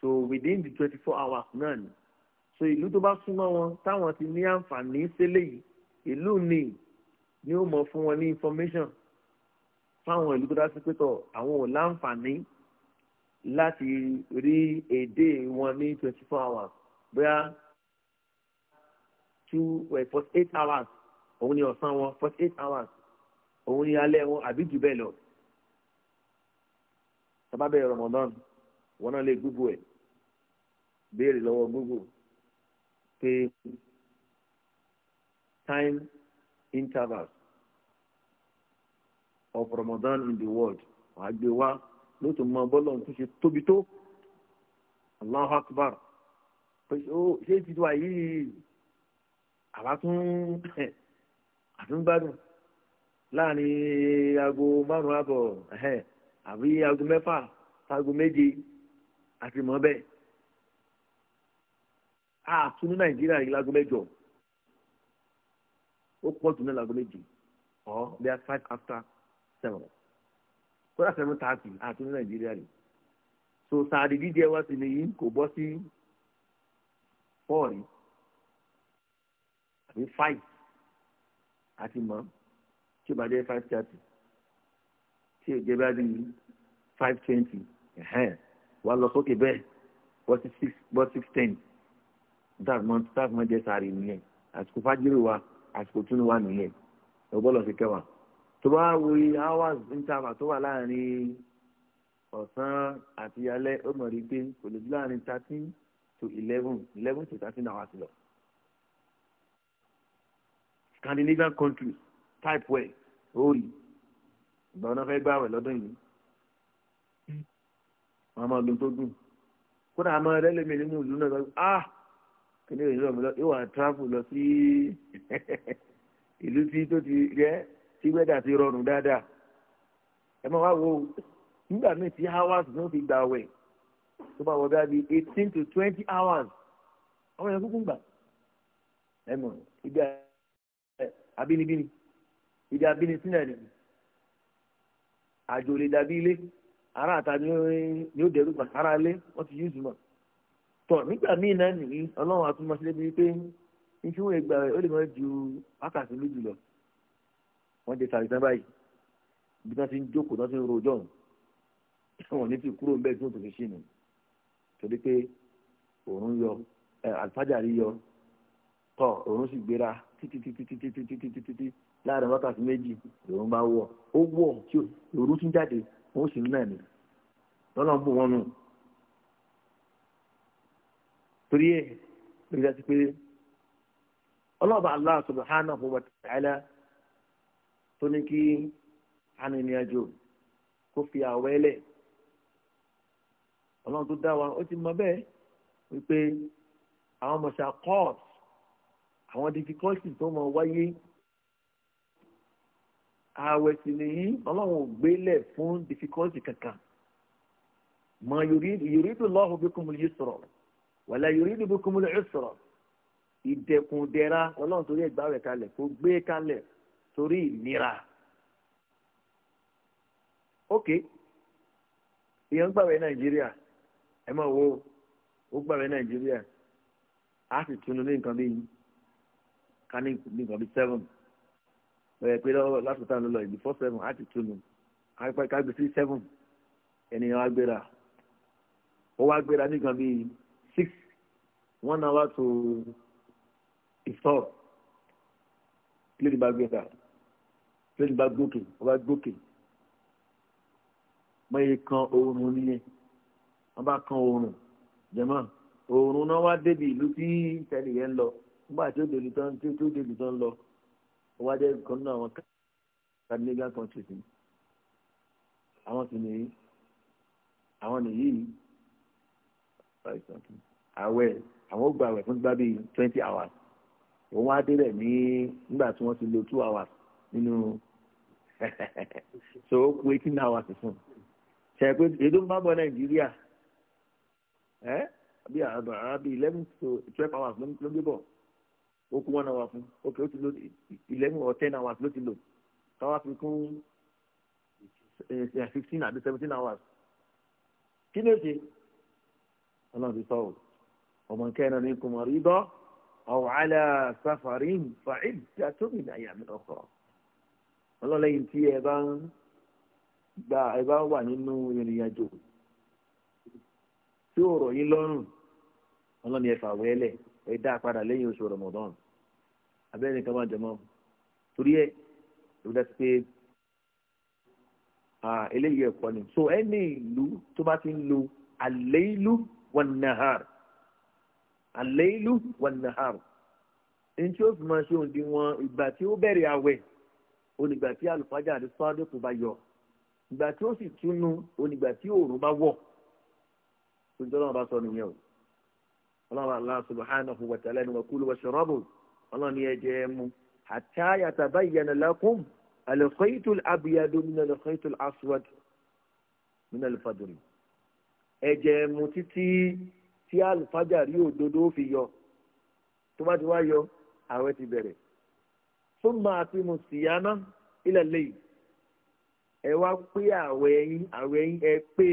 so within the 24 hours náà ni so ìlú tó bá súnmọ́ wọn táwọn ti ní àǹfààní sílẹ̀ yìí ìlú nìyí ni ó mọ̀ fún wọn ní information fáwọn ìlú tó dá sí pé tọ̀ àwọn ò láǹfààní láti rí èdè wọn ní twenty four hours bóyá two eh, forty eight hours òun ni ọ̀sán wọn forty eight hours òun ni alẹ́ wọn àbí jù bẹ́ẹ̀ lọ tọ́ba bẹ̀rẹ̀ Ramadan wọn náà lè Google ẹ̀ béèrè lọ́wọ́ Google pé time intervals of Ramadan in the world wàá gbé wá ló tún mọ bọ́lọ̀ tó ṣe tóbi tó Allahu Akbar ṣé ti wà yìí àbá tún àtúngbádùn láàrin aago márùn-ún àbọ̀ àbí aago mẹ́fà aago méje àti mọ́ bẹ́ẹ̀ àtún ní nàìjíríà yìí láago mẹ́jọ ó pọ̀ jù ní láago méje ọ̀ bí i five after seven kódà seven thirty àti ní nàìjíríà rè so sàárì dídí ẹwà sí ni yìí kò bọ́ sí four rí àbí five àti mọ́ tí o bá jẹ́ five thirty tí o jẹ́ bá rí five twenty wà lọ sókè bẹ́ẹ̀ bọ́ sí six bọ́ six ten dàgbọ́n dàgbọ́n jẹ́ sàárì nìyẹn àsìkò fájírì wa àsìkò túnú wa nìyẹn ọgbọ́n lọ sí kẹwàá tó bá hours interval tó wà láàrin ọ̀sán àti alẹ́ ó mọ̀ rí pé kò lè dúró láàrin thirteen to eleven eleven to thirteen hours lọ. Scandinavian countries type way. ó rí ìgbà wọn fẹ́ gbàwẹ̀ lọ́dún yìí wọn máa lóun tó dùn kódà àmọ́ ẹlẹ́mìí nínú ìlú náà sọ ah kí ni ìlú ọ̀mọ́ yóò wá travel lọ sí ìlú tí tó ti rẹ́ tí wẹ́dà ti rọrùn dáadáa ẹ máa wá wo nígbà míì tí hours ló fi gbà wẹ̀ tó bá wọ eighteen to twenty hours àwọn èèyàn kúkú ń gbà ẹ mọ̀ ibi abínibíni ibi nìyí àjò lè dàbí ilé Ara àta ni ó gbà ilé wọ́n ti yíṣu mọ̀ tọ̀ nígbà míì náà nìyí ọlọ́run àtúmọ̀ sílẹ̀ bíi pé ó lè mọ̀ ju wákàtí wọ́n ti sàrìsán báyìí bí wọ́n ti ń jókòó wọ́n ti ń rojọ́ wọn ní ti kúrò ńbẹ́ tí wọ́n tó fi ṣì nù torí pé òòrùn yọ àlùfájàrí yọ tọ òòrùn sì gbéra títí títí títí títí títí títí láàrin wákàtí méjì òòrùn bá wọ̀ ó wọ̀ tí òòrùn tún jáde òun sì ń nà ní lọ́nà bù wọn nù torí ẹ̀ lórí dájú pé ọlọ́ọ̀bà Allah subhanahu wa ta'ala tó ní kí arìnrìnàjò kó fi àwẹ̀ lẹ̀ ọlọ́run tó dá wa ó ti mọ bẹ́ẹ̀ wípé àwọn mọ̀ṣá court àwọn difficulty tó mọ wáyé ààwẹ̀ sì nìyí ọlọ́run ò gbélẹ̀ fún difficulty kankan mọ yòrídù lọ́hùn bí kùmùlù yìí sọ̀rọ̀ wàlẹ̀ yòrídù bí kùmùlù yìí sọ̀rọ̀ ìdẹ̀kùndẹ̀ra ọlọ́run torí ẹ̀gbá rẹ̀ kalẹ̀ kó gbé kalẹ̀ torí ìnira ok èèyàn gbàwé nàìjíríà ẹ máa wo ó gbàwé nàìjíríà a sì tunu ní nǹkan bíi ká ní nǹkan bíi seven ẹ pé lọ́wọ́ láti tán lọ ìdí four seven a sì tunu ká gbé sí seven ènìyàn wa gbéra ó wá gbéra ní nǹkan bíi six one hour to ìfọ̀ kí ló dé bá gbéra lónìí bá gbókè wọ́n bá gbókè wọ́n yẹ kan oorun nìyẹn wọ́n bá kan oorun jẹ̀mọ́ oorun náà wá débi ìlú tí tẹ́lẹ̀ yẹn lọ nígbà tí ó débi tán tí ó débi tán lọ wọ́n wá dé kan náà àwọn Scandinavian countries ni àwọn sì nìyí àwọn nìyí àwẹ̀ àwọn gbàwẹ̀ fún gbà bíi twenty hours òun wá débẹ̀ ní nígbà tí wọ́n ti lò two hours. nínú so ó kú eighteen hours fún ṣe pé èdè ń bá bọ nàìjíríà bí eleven to twelve hours ló ń gbé bọ ó kú one hour fún ok ó ti lò eleven or ten hours ló ti lò káwá fi kún fifteen àbí seventeen hours kí ló ṣe ọlọ́run ti sọ ọ́ ọmọ kẹ́rin ní kùmọ̀rí bọ́ ọ̀wọ́ àlà ọlọ́lẹ́yìn tí ẹ bá ń gba ẹ bá wà nínú ìrìn àjò tí ò rọ̀ yín lọ́rùn ọlọ́ni ẹ fàwẹ́lẹ̀ ẹ dá a padà lẹ́yìn oṣù Ramadan abẹ́rẹ́ nìkan máa jẹmọ́ torí ẹ ló dá sí pé eléyìí ẹ̀kọ́ ni so ẹni ìlú tó bá ti ń lo al-laylu wan-nahar al-laylu wan-nahar ní tí ó fi máa ṣe òǹdíwọ̀n ìgbà tí ó bẹ̀rẹ̀ àwẹ̀ onígbà tí àlùfáàjà àti sọ́dọ̀kù bá yọ ìgbà tí ó sì túnú onígbà tí òòrùn bá wọ̀ oúnjẹ ọlọ́run bá sọ nìyẹn o ọlọ́run Allah subhanahu wa ta'ala ni wa kulu wa shrabu ọlọ́run ni ẹ jẹ ẹ mu hatta yatabayyana lakum al-khaytu al-abyadu aswad min al-fajr mu títí tí àlùfáàjà rí òdodo fi yọ tó bá ti wá yọ àwẹ̀ ti bẹ̀rẹ̀ thumma atimu siyama ila layl ẹ wá pé àwẹ̀ ẹ̀yìn àwẹ̀ ẹ̀yìn ẹ pé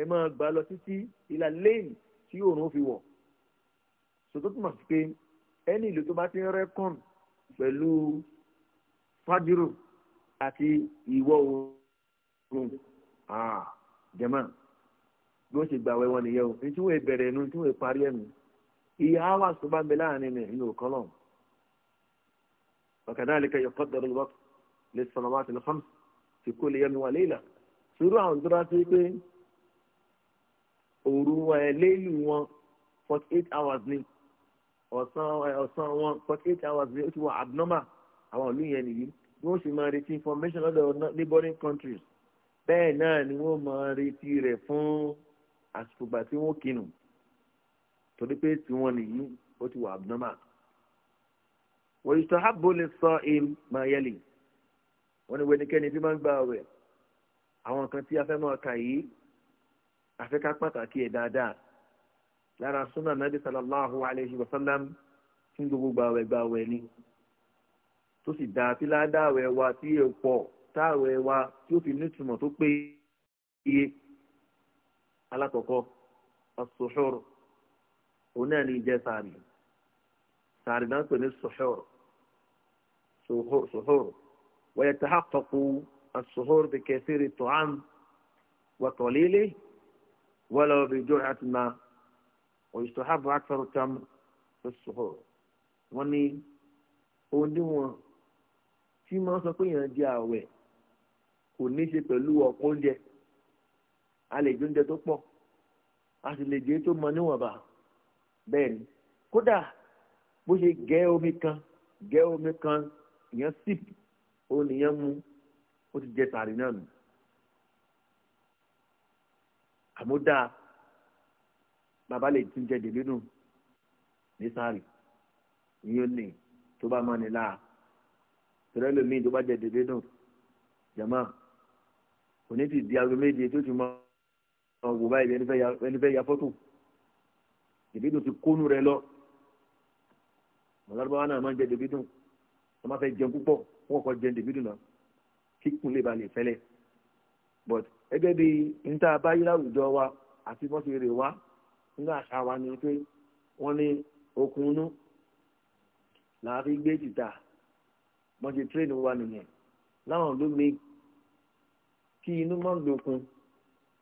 ẹ máa gbà lọ títí ila layl tí òòrùn fi wọ̀ sọtọ́ tó mà sí pé ẹni ìlú tó bá ti ń rẹ́kọ̀n pẹ̀lú fájúrò àti ìwọ̀ oòrùn jẹ̀mọ́ bí wọ́n ṣe gbà wẹ́ wọn nìyẹn o ní tí wọ́n bẹ̀rẹ̀ ẹnu tí wọ́n parí ẹnu ìyá wa sọ ń bẹ láàrin rẹ̀ nínú òkan وكذلك يقدر الوقت للصلوات الخمس في كل يوم وليلة sùúrù àwọn tó bá ti pé òru wọn ẹlẹ́yìn wọn forty eight hours ni ọ̀sán ọ̀sán wọn forty eight hours ni ó ti wọ abnormal àwọn ìlú yẹn nìyí bí wọ́n sì máa retí information lọ́dọ̀ neighboring countries bẹ́ẹ̀ náà ni wọ́n máa retí rẹ̀ fún àsìkò ìgbà tí wọ́n kinu torí pé tiwọn nìyí ó ti wọ abnormal wọ́n yìí sọ́hábù lè sọ ìm máa yẹlì wọ́n ní wo ẹnikẹ́ni tí máa ń gba ọ̀rẹ́ àwọn nǹkan tí a fẹ́ máa kà yìí àfikà pàtàkì ẹ̀ dáadáa lára súnà nàbí sallallahu alayhi wa sallam tí ń gbogbo gbàwẹ̀ gbàwẹ̀ ni tó sì dáa tí ládàáwẹ̀ wa tí yẹ pọ̀ táwẹ̀ wa tí ó fi nítumọ̀ tó pé iye alákọ̀ọ́kọ́ as òun náà ní ìjẹ sààrì sààrì náà pè ní as سحور, سحور ويتحقق السحور بكثير الطعام وقليله ولو بجرعة ما ويستحب أكثر التمر في السحور wọ́n ní oníwọ̀n sọ pé èèyàn di ààwẹ̀ kò ní ṣe pẹ̀lú ọ̀pọ̀ oúnjẹ a lè jẹ tó pọ̀ a sì lè jẹ tó mọ níwọ̀nba bẹ́ẹ̀ ni kódà bó ṣe gẹ́ omi ìyẹn sip ó nìyẹn mú ó ti jẹ sàárì náà nù àmúdá bàbá lè tún jẹ dèbí nù ní sàárì ìyẹn ní tó bá máa nílá tẹ̀lé lómi tó bá jẹ dèbí nù jàmá òní ti di aago méje tó ti máa wò báyìí ẹni fẹ́ ya fọ́tò dèbí ti kónú rẹ lọ mọ̀lárúbáwá náà máa ń jẹ dèbí wọ́n máa fẹ́ jẹun púpọ̀ wọ́n kọ́ jẹun dèbí dùnà kíkùn lè ba lè fẹ́lẹ̀ but gẹ́gẹ́ bí níta báyìí láwùjọ wa àti wọ́n ti rè wá nínú àṣà wa ni pé wọ́n ní okun inú làá fi gbé jìtà wọ́n ti tírèèdì wa nìyẹn láwọn ló mi kí inú máa ń dokun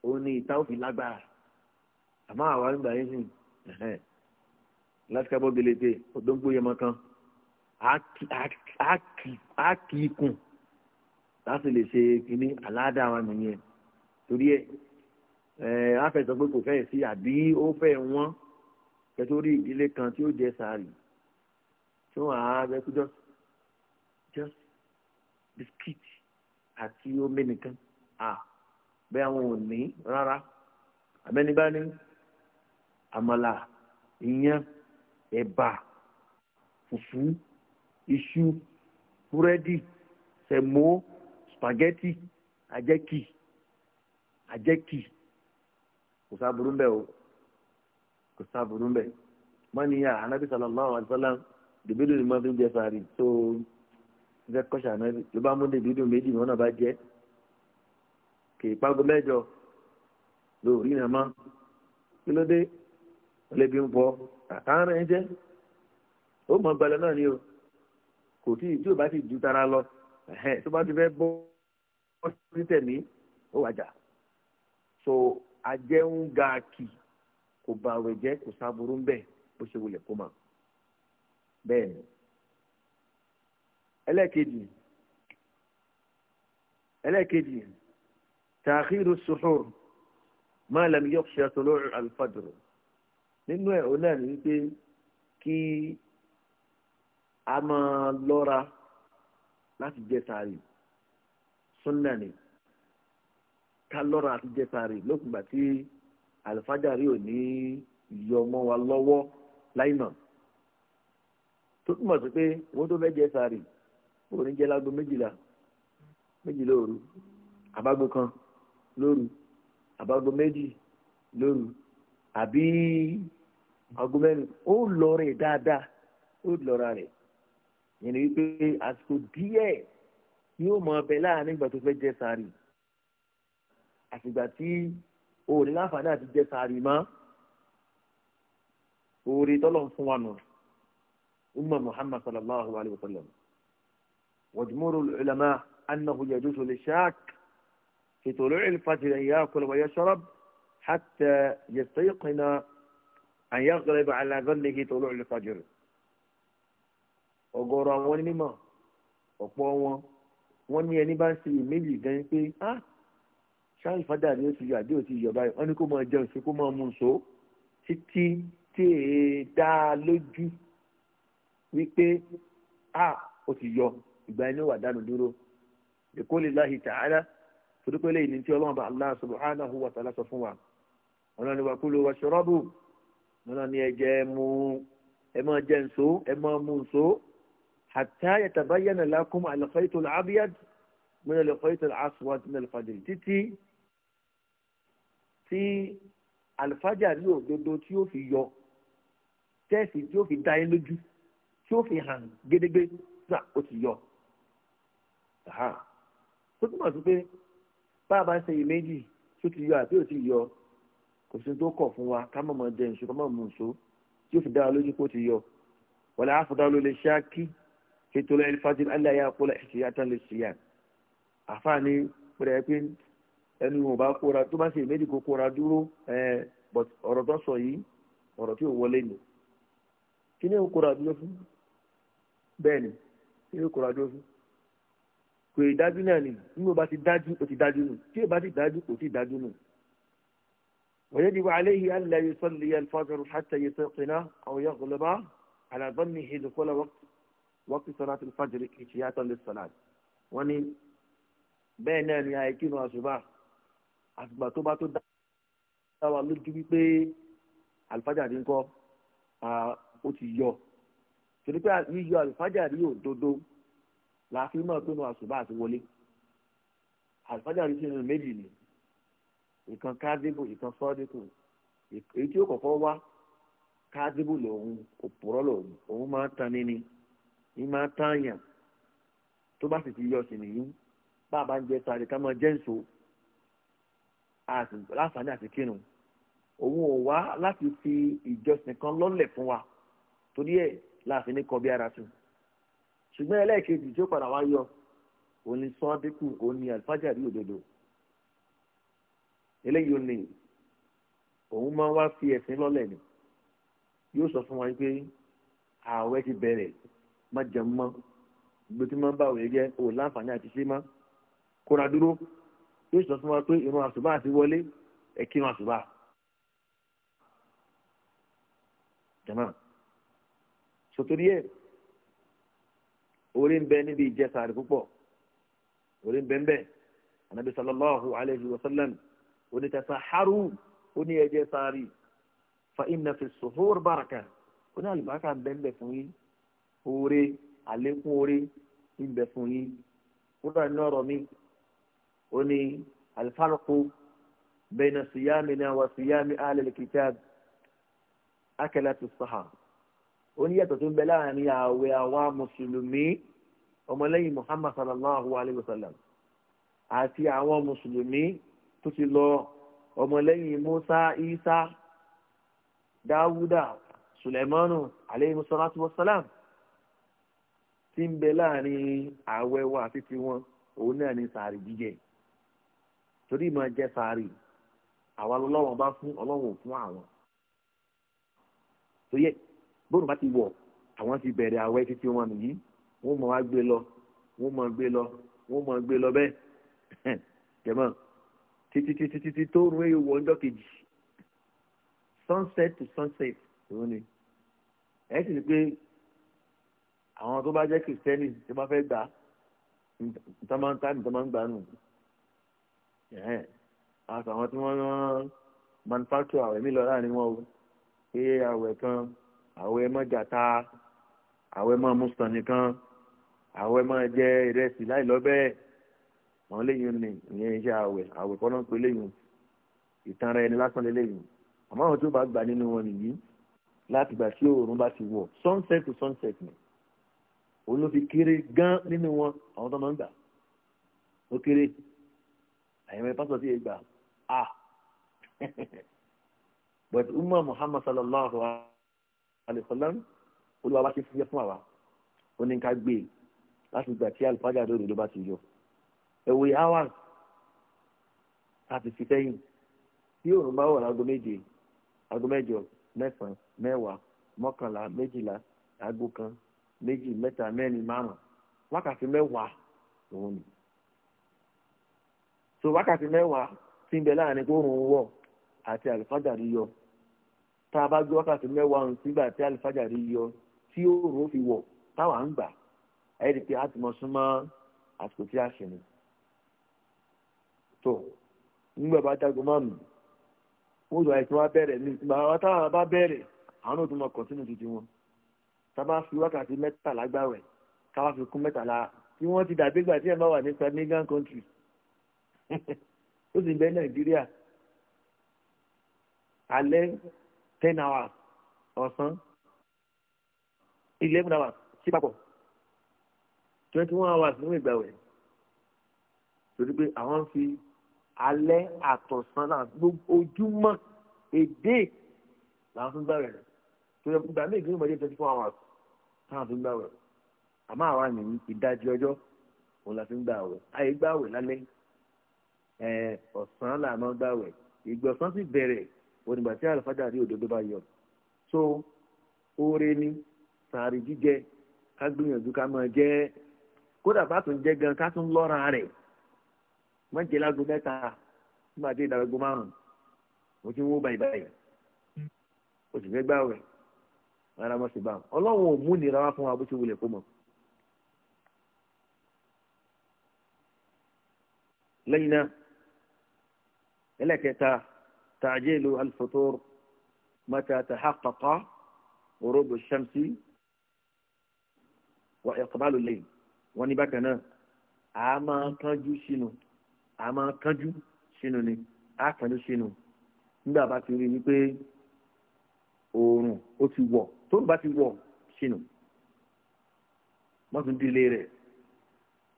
òun ni ìta òfin lágbára àmọ́ àwa ń gbà sìn láti kábọ̀ gẹlẹ́tẹ̀ òdóńgbò yẹmọ kan Aki, kì í kùn láti lè ṣe kínní aládàá wa nìyẹn torí ẹ ẹ á fẹ́ sọ pé kò fẹ́ sí àbí ó fẹ́ wọ́n kẹtọ́rí ìdílé kan tí ó jẹ sàárì tí wọ́n á bẹ kú just just biscuit àti omi nìkan ah bẹ́ẹ̀ àwọn ò ní rárá àbẹ́nibá ní àmàlà ìyàn ẹ̀bà fùfú iṣu búrẹ́dì sẹ̀mó spaghetti àjẹkì àjẹkì kò sáburú mbẹ o kò sáburú mbẹ mọ́niyà anabi sallallahu alayhi wa sallam dèbìdò ni mo fi ń jẹ sáré tó fẹ́ kọ́ṣà anabi ló bá mú dèbìdò méjì wọn náà bá jẹ kì í pago mẹ́jọ lórí náà mọ́ kí ló dé ọlẹ́bí ń bọ̀ àtàrà ẹ̀ jẹ́ ó mọ̀ balẹ̀ náà ni o kò tí tí ò bá ti ju tara lọ tó bá ti fẹ́ bọ́ sí tẹ̀mí ó wàjà so ajẹun ga kì kò bá àwẹ̀ jẹ́ kò sáburú ń bẹ̀ bó ṣe wulẹ̀ kó mà bẹ́ẹ̀ ni ẹlẹ́ẹ̀kejì ẹlẹ́ẹ̀kejì tààkìrù sùhùr máa lẹ́nu yọ̀ọ̀ṣẹ́ tó lórí alifájòrò nínú ẹ̀ òun náà ní wípé kí a máa lọ́ra láti jẹ sàárì súnà ni ká lọ́ra àti jẹ sàárì lókùngbà tí àlùfájàrí ò ní yọ ọmọ wa lọ́wọ́ láìnà tó túmọ̀ sí pé wọ́n tó fẹ́ jẹ sàárì ó ní jẹ́ lágbo méjìlá méjìlá òru àbágbo kan lóru àbágbo méjì lóru àbí ago mẹ́rin ó lọ rẹ̀ dáadáa ó lọ́ra rẹ̀ yẹn ni wípé àsìkò díẹ̀ yóò mọ ọbẹ̀ láàrin ìgbà tó fẹ́ jẹ sàárì àtìgbà tí o ní láǹfààní àti jẹ sàárì mọ́ oore tọ́lọ̀ ń fún wa nù umma muhammad sallallahu alayhi wa sallam wàjúmọ́rò ìlànà annahu yajuzu li shak fi tulu'i al-fajr an yakula wa yashrab hatta yastayqina an yaghlib ala dhannihi tulu'u al-fajr ọ̀gọ̀rọ̀ àwọn onímọ̀ ọ̀pọ̀ wọn wọ́n ní ẹni bá ń ṣe ìméjì gan pé á ṣáà ìfádà ni ó ti yọ àdé òtí ìyọba yìí wọ́n ní kó máa jẹun sí kó máa mú un so títí tí èé dá a lójú wípé á ó ti yọ ìgbà ẹni wà dánu dúró èkó lè láhi tààlà torípé lẹ́yìn tí ọlọ́run bá Allah subhanahu wa ta'ala sọ fún wa ọlọ́run ni wa kulu wa shrabu ọlọ́run ni ẹ jẹ́ mú ẹ máa jẹ nsó ẹ máa mú nsó hatta yatabayyana lakum al-khayt al-abyad min al-khayt al-aswad min al-fajr títí tí al-fajari òdodo tí ó fi yọ tẹ́ẹ̀sì tí ó fi dá yín lójú tí ó fi hàn gédégbé gbà ó ti yọ. tó túmọ̀ sí pé bá a bá ń ṣe ìméjì tó ti yọ àbí ò ti yọ kò sí tó kọ̀ fún wa ká mọ̀ mọ̀ jẹ ìṣó ká mọ̀ mọ̀ ìṣó tí ó fi dá wa lójú pé ó ti yọ wọ́n lè á fọ́dá ló lè ṣáà kí ètò lẹ́yìn fájìlì alẹ́ yà kó lẹ́yìn ìṣìyà tán lè ṣìyà àfààní pẹ̀lẹ́ pé ẹnu ò bá kóra tó bá ṣe méjì kó kóra dúró ọ̀rọ̀ tó sọ yìí ọ̀rọ̀ tí ò wọlé nù kí ni ò kóra dúró fún bẹ́ẹ̀ ni kí ni ò kóra dúró fún kò ì dájú náà ni nígbà bá ti dájú kò ti dájú nù tí ò bá ti dájú kò ti dájú nù. ويجب عليه ألا يصلي الفجر حتى يستيقن أو يغلب على ظنه دخول وقت wọ́pì sọ́lá tó fàjìrì kìkì yàtọ̀ lè sọ̀lá wọ́n ní bẹ́ẹ̀ náà ni àìkírun àṣùbà àtìgbà tó bá tó dá wa lójú wípé àlùfájàrí ńkọ́ ó ti yọ torí pé yíyọ àlùfájàrí òdodo la fi mọ̀ pé nu àṣùbà àti wọlé àlùfájàrí sínú méjì ni ìkan kádébù ìkan sọ́díkù èyí tí ó kọ́kọ́ wá kádébù lòun òpùrọ́ lòun òun máa ń tan ní ní máa tààyàn tó bá sì ti yọ sí nìyí bá a bá ń jẹ sáré ká máa jẹ́ nsò láǹfààní àti kírun òun ò wá láti fi ìjọsìn kan lọ́lẹ̀ fún wa torí ẹ̀ láàfin ní kọ́ bí ara tún ṣùgbọ́n ẹlẹ́ẹ̀kejì tí ó padà wá yọ òun ni sọ́ọ́dínkù òun ni àlùfájàrí òdodo eléyìí ò òun máa wá fi ẹ̀sìn lọ́lẹ̀ ni yóò sọ fún wa pé ààwẹ̀ ti bẹ̀rẹ̀ má jẹun mọ́ gbogbo tí wọ́n bá wòye jẹ́ ò láǹfààní àti ṣe mọ́ kóra dúró yóò sọ fún wa pé irun àṣùbà àti wọlé ẹ kírun àṣùbà. jama sotori yẹ orí ń bẹ níbi ìjẹsàárì púpọ̀ orí ń bẹ ń bẹ anabi sallallahu alayhi wa sallam onítẹ̀sà haru oníyẹjẹsàárì fa inna fi baraka oní àlùbáríkà ń bẹ fún yín oore àlékún oore ń bẹ fún yín kúrò nínú ọ̀rọ̀ mi ó ní alifárùkù bẹ́ẹ̀nà síyámi náà wà síyámi alẹ́ kìtàb akẹ́lẹ́ tó sàhà ó ní yàtọ̀ tó ń bẹ láàrin ààwẹ̀ àwa mùsùlùmí ọmọlẹ́yìn muhammad sallallahu alayhi wa sallam àti àwọn mùsùlùmí tó ti lọ ọmọlẹ́yìn musa isa dáwúdà sulaimanu aleyhi wa salam. tí ń bẹ láàrin ààwẹ̀ àti tiwọn òun náà ni sàárì jíjẹ torí máa jẹ sàárì àwa lọ́wọ́n bá fún ọlọ́wọ́n fún àwọn tó yẹ bóun bá ti wọ̀ àwọn ti bẹ̀rẹ̀ ààwẹ̀ títí wọn nìyí wọ́n máa wá gbé lọ gbé lọ gbé lọ bẹ́ẹ̀ jẹ̀mọ́ sunset to sunset òun ẹ̀ ni pé àwọn tó bá jẹ́ kìrìsìtẹ́nì tó bá fẹ́ gbà tó máa ń tà ní tó máa ń gbà nù àti àwọn tí wọ́n manufacture àwẹ̀ mí lọ láàrin wọn o pé àwẹ̀ kan àwẹ̀ mọ́ jàta àwẹ̀ mọ́ mùsùlùmí nìkan àwẹ̀ mọ́ jẹ ìrẹsì láì lọ́bẹ̀ àwọn léyìn ní ìyẹn iṣẹ́ àwẹ̀ àwẹ̀ kọ́ náà pé léyìn ìtanra ẹni lásán léyìn àmọ́ àwọn tó bá gbà nínú wọn nìyí láti gbà sí òòrùn bá ti wọ̀ sunset to sunset ni òun ló fi kéré gán nínú wọn àwọn tó máa ń gbà ó kéré àyẹ̀wò pásítọ̀ sí ìgbà a but umar muhammad sallallahu alayhi wa sallam olúwa bá ṣe fúyẹ́ fún àwa ó ní ká gbé e láti gbà tí alifájà lórí ló bá ti yọ ẹ̀wẹ̀ hours láti fi sẹ́yìn tí òòrùn bá wọ̀ láago méje aago mẹ́jọ mẹ́sàn-án mẹ́wàá mọ́kànlá méjìlá aago kan méjì mẹ́ta mẹ́rin márùn wákàtí mẹ́wàá òun ni so wákàtí mẹ́wàá tí ń bẹ láàrin tó rùn wọ̀ àti àlùfájàrí yọ tá a bá gbé wákàtí mẹ́wàá ọ̀hún sígbà tí àlùfájàrí yọ tí òòrùn fi wọ̀ táwa ń gbà ẹ̀ ẹ́ di pé a ti mọ súnmọ́ àsìkò tí a ṣe ni tó nígbà bá dágbo máa mú lọ àìsàn wa bẹ̀rẹ̀ ní ìgbà wa táwa bá bẹ̀rẹ̀ àwọn náà tún mọ kọ̀tínú tuntun wọn sábà fi wákàtí mẹ́tàlá gbàwẹ̀ káwá fi kún mẹ́tàlá tí wọ́n ti dàbí gbà tí ẹ̀ bá wà ní Scandinavian country ó sì bẹ́ Nàìjíríà alẹ́ ten hours ọ̀sán eleven hours sí papọ̀ twenty one hours nínú ìgbàwẹ̀ torí pé àwọn fi alẹ́ àtọ̀sán náà ojúmọ́ èdè làwọn fi gbàwẹ̀ rẹ̀ tó yẹ kó gbà mí ìgbìmọ̀ dé twenty four hours. táwọn fi ń gbàwẹ̀ àmọ́ àwa ní ìdajì ọjọ́ òun la fi ń gbàwẹ̀ àyè gbàwẹ̀ lálẹ́ ọ̀sán la máa ń gbàwẹ̀ ìgbọ̀nsán sì bẹ̀rẹ̀ onígbà tí àlùfáàjà rí òdodo bá yọ so oore ni sàárì jíjẹ ká gbìyànjú ká máa jẹ kódà jẹ gan ká tún lọ́ra rẹ̀ wọ́n jẹ lágbo mẹ́ta nígbà tí ìdàgbàgbọ́ márùn-ún mo ti ń hmm. rárá mọ́ sí bá ọlọ́run ò mú nira wá fún wa bó ṣe wulẹ̀ kó mọ̀. lẹ́yìn náà ẹlẹ́kẹta tàjẹ́lu alifotor mata tahaqqaqa orobo shamsi wa iqbalu layn wọ́n ní bákan náà a máa kánjú sínú a máa kánjú sínú ni a kánjú sínú nígbà bá ti rí i wípé oòrùn ó ti wọ̀ tó ń bá ti wọ̀ sínú wọ́n tún dílé rẹ̀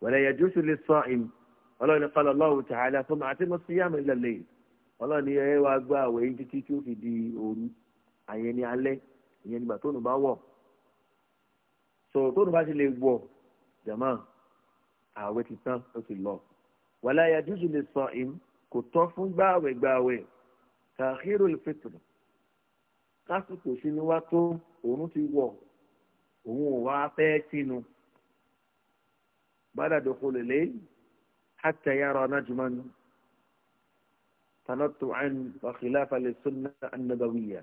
wala yajuzu lis-sa'im ọlọ́run ní qala Allahu ta'ala thumma atimmu siyama ila al-layl ọlọ́run ní ẹ wá gbá àwẹ̀ yín títí tí ó fi di òru àyẹn ní alẹ́ ìyẹn nígbà tóun bá wọ̀ so tóun bá ti lè wọ̀ jàmá àwẹ̀ ti tán ó ti lọ wala yajuzu lis-sa'im kò tọ́ fún gbààwẹ̀ gbààwẹ̀ ta'khirul fitr lásìkò sínú wá tó òun ti wọ̀ òun ò wá fẹ́ sínú bàdà dòkò lèlè hàtà yàrá anájùmọ́ ni tanọ́tò àn wàhílà falẹ̀ sọ́nà ànàbàwìyà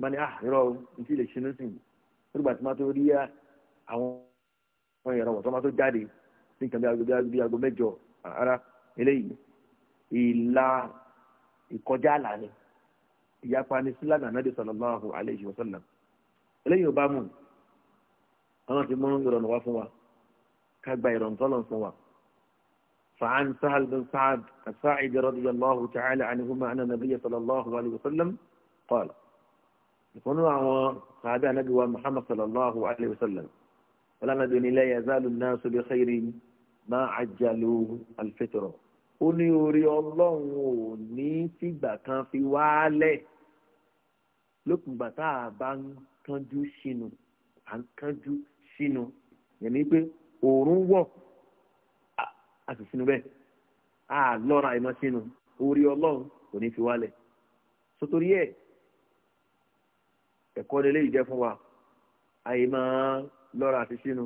mani ah irọ́ ntí lè sinú sí nígbà tí wọ́n tó rí àwọn ọmọ ìyàrá wọ̀ tó wọ́n tó jáde ní nǹkan bí aago mẹ́jọ ara eléyìí ìlà ìkọjá àlàní ìyapa ni sílànà nàbì sallallahu alayhi wa sallam eléyìí ò bá mú àwọn ti mú ìrọ̀nù wá fún wa ká gba ìrọ̀nù tọ́lọ̀ fún wa. فعن سهل بن سعد الساعدي رضي الله تعالى عنهما أن النبي صلى الله عليه وسلم قال يقولون هذا نبي محمد صلى الله عليه وسلم ولا نبي لا يزال الناس بخير ما عجلوا الفطر ó ní orí ọlọ́run ò ní fìgbà kan fi wálẹ̀ lópin ìgbà tá a bá ń kánjú sínú à ń kánjú sínú yẹn ni pé òórùn wọ̀ a sì sínú bẹ́ẹ̀ a lọ́ra ìmọ̀ sínú orí ọlọ́run kò ní fi wálẹ̀ sotori ẹ̀ ẹ̀kọ́ ni eléyìí jẹ́ fún wa àyè máa lọ́ra àti sínú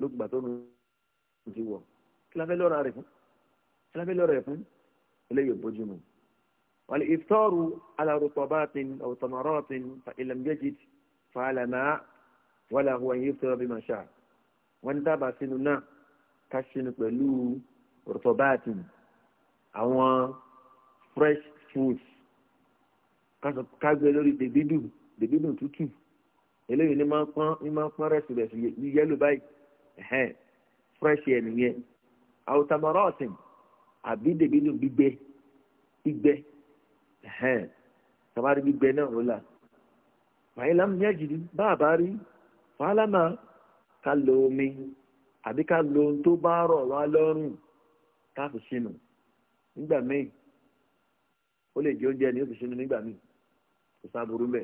lópin ìgbà tó nu ti wọ̀ kí la fẹ́ lọ́ra rẹ̀ fún kí la fẹ́ lọ́ra rẹ̀ fún eléyìí ò bójú mu. والإفطار على رطبات أو تمرات فإن لم يجد فعلى ماء ولا هو يفطر بما شاء wọ́n dábàá sínú náà ká sínú pẹ̀lú rọ̀tọ̀báàtì àwọn fresh foods ká gbé lórí dèbídù dèbídù tútù eléyìí ni máa ń pọ́n ni máa ń pọ́n rẹ̀sì rẹ̀sì ní yẹ́lò báyìí fresh ẹ̀ nìyẹn àwòtàmọ́rọ́ọ̀tì àbí dèbídù gbígbẹ gbígbẹ ẹ̀hẹ́n tàbárí gbígbẹ náà ló là fàyínlá mi yẹ́jìdí bá a bá rí wàhálà máa ká lo omi àbí ká lo ohun tó bá rọ̀ wá lọ́rùn ká fi sínú nígbà míì ó lè jẹ oúnjẹ ni ó fi sínú nígbà míì kò sábúrú mbẹ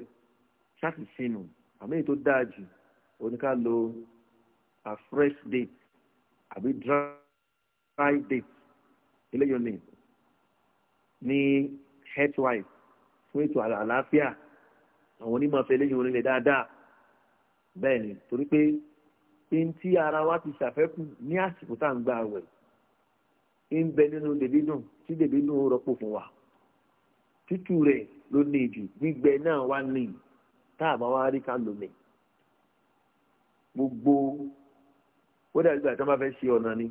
ṣáàtì sínú àmì tó dáa jù oníká lo a fresh date àbí dry date eléyìí ní ní headline fún ètò àlàáfíà àwọn onímọ̀ fẹ́ lẹ́yìn orílẹ̀ dáadáa bẹ́ẹ̀ ni torí pé n tí ara wa ti ṣàfẹ́kù ní àsìkò tá à ń gba àwẹ̀ ń bẹ nínú dèbídùn tí dèbídùn rọ́pò fún wa rẹ̀ ló ní ìjù gbígbẹ náà wá ní tá a bá wá rí ká lómi gbogbo ó dàbí ìgbà tí bá ṣe ọ̀nà ni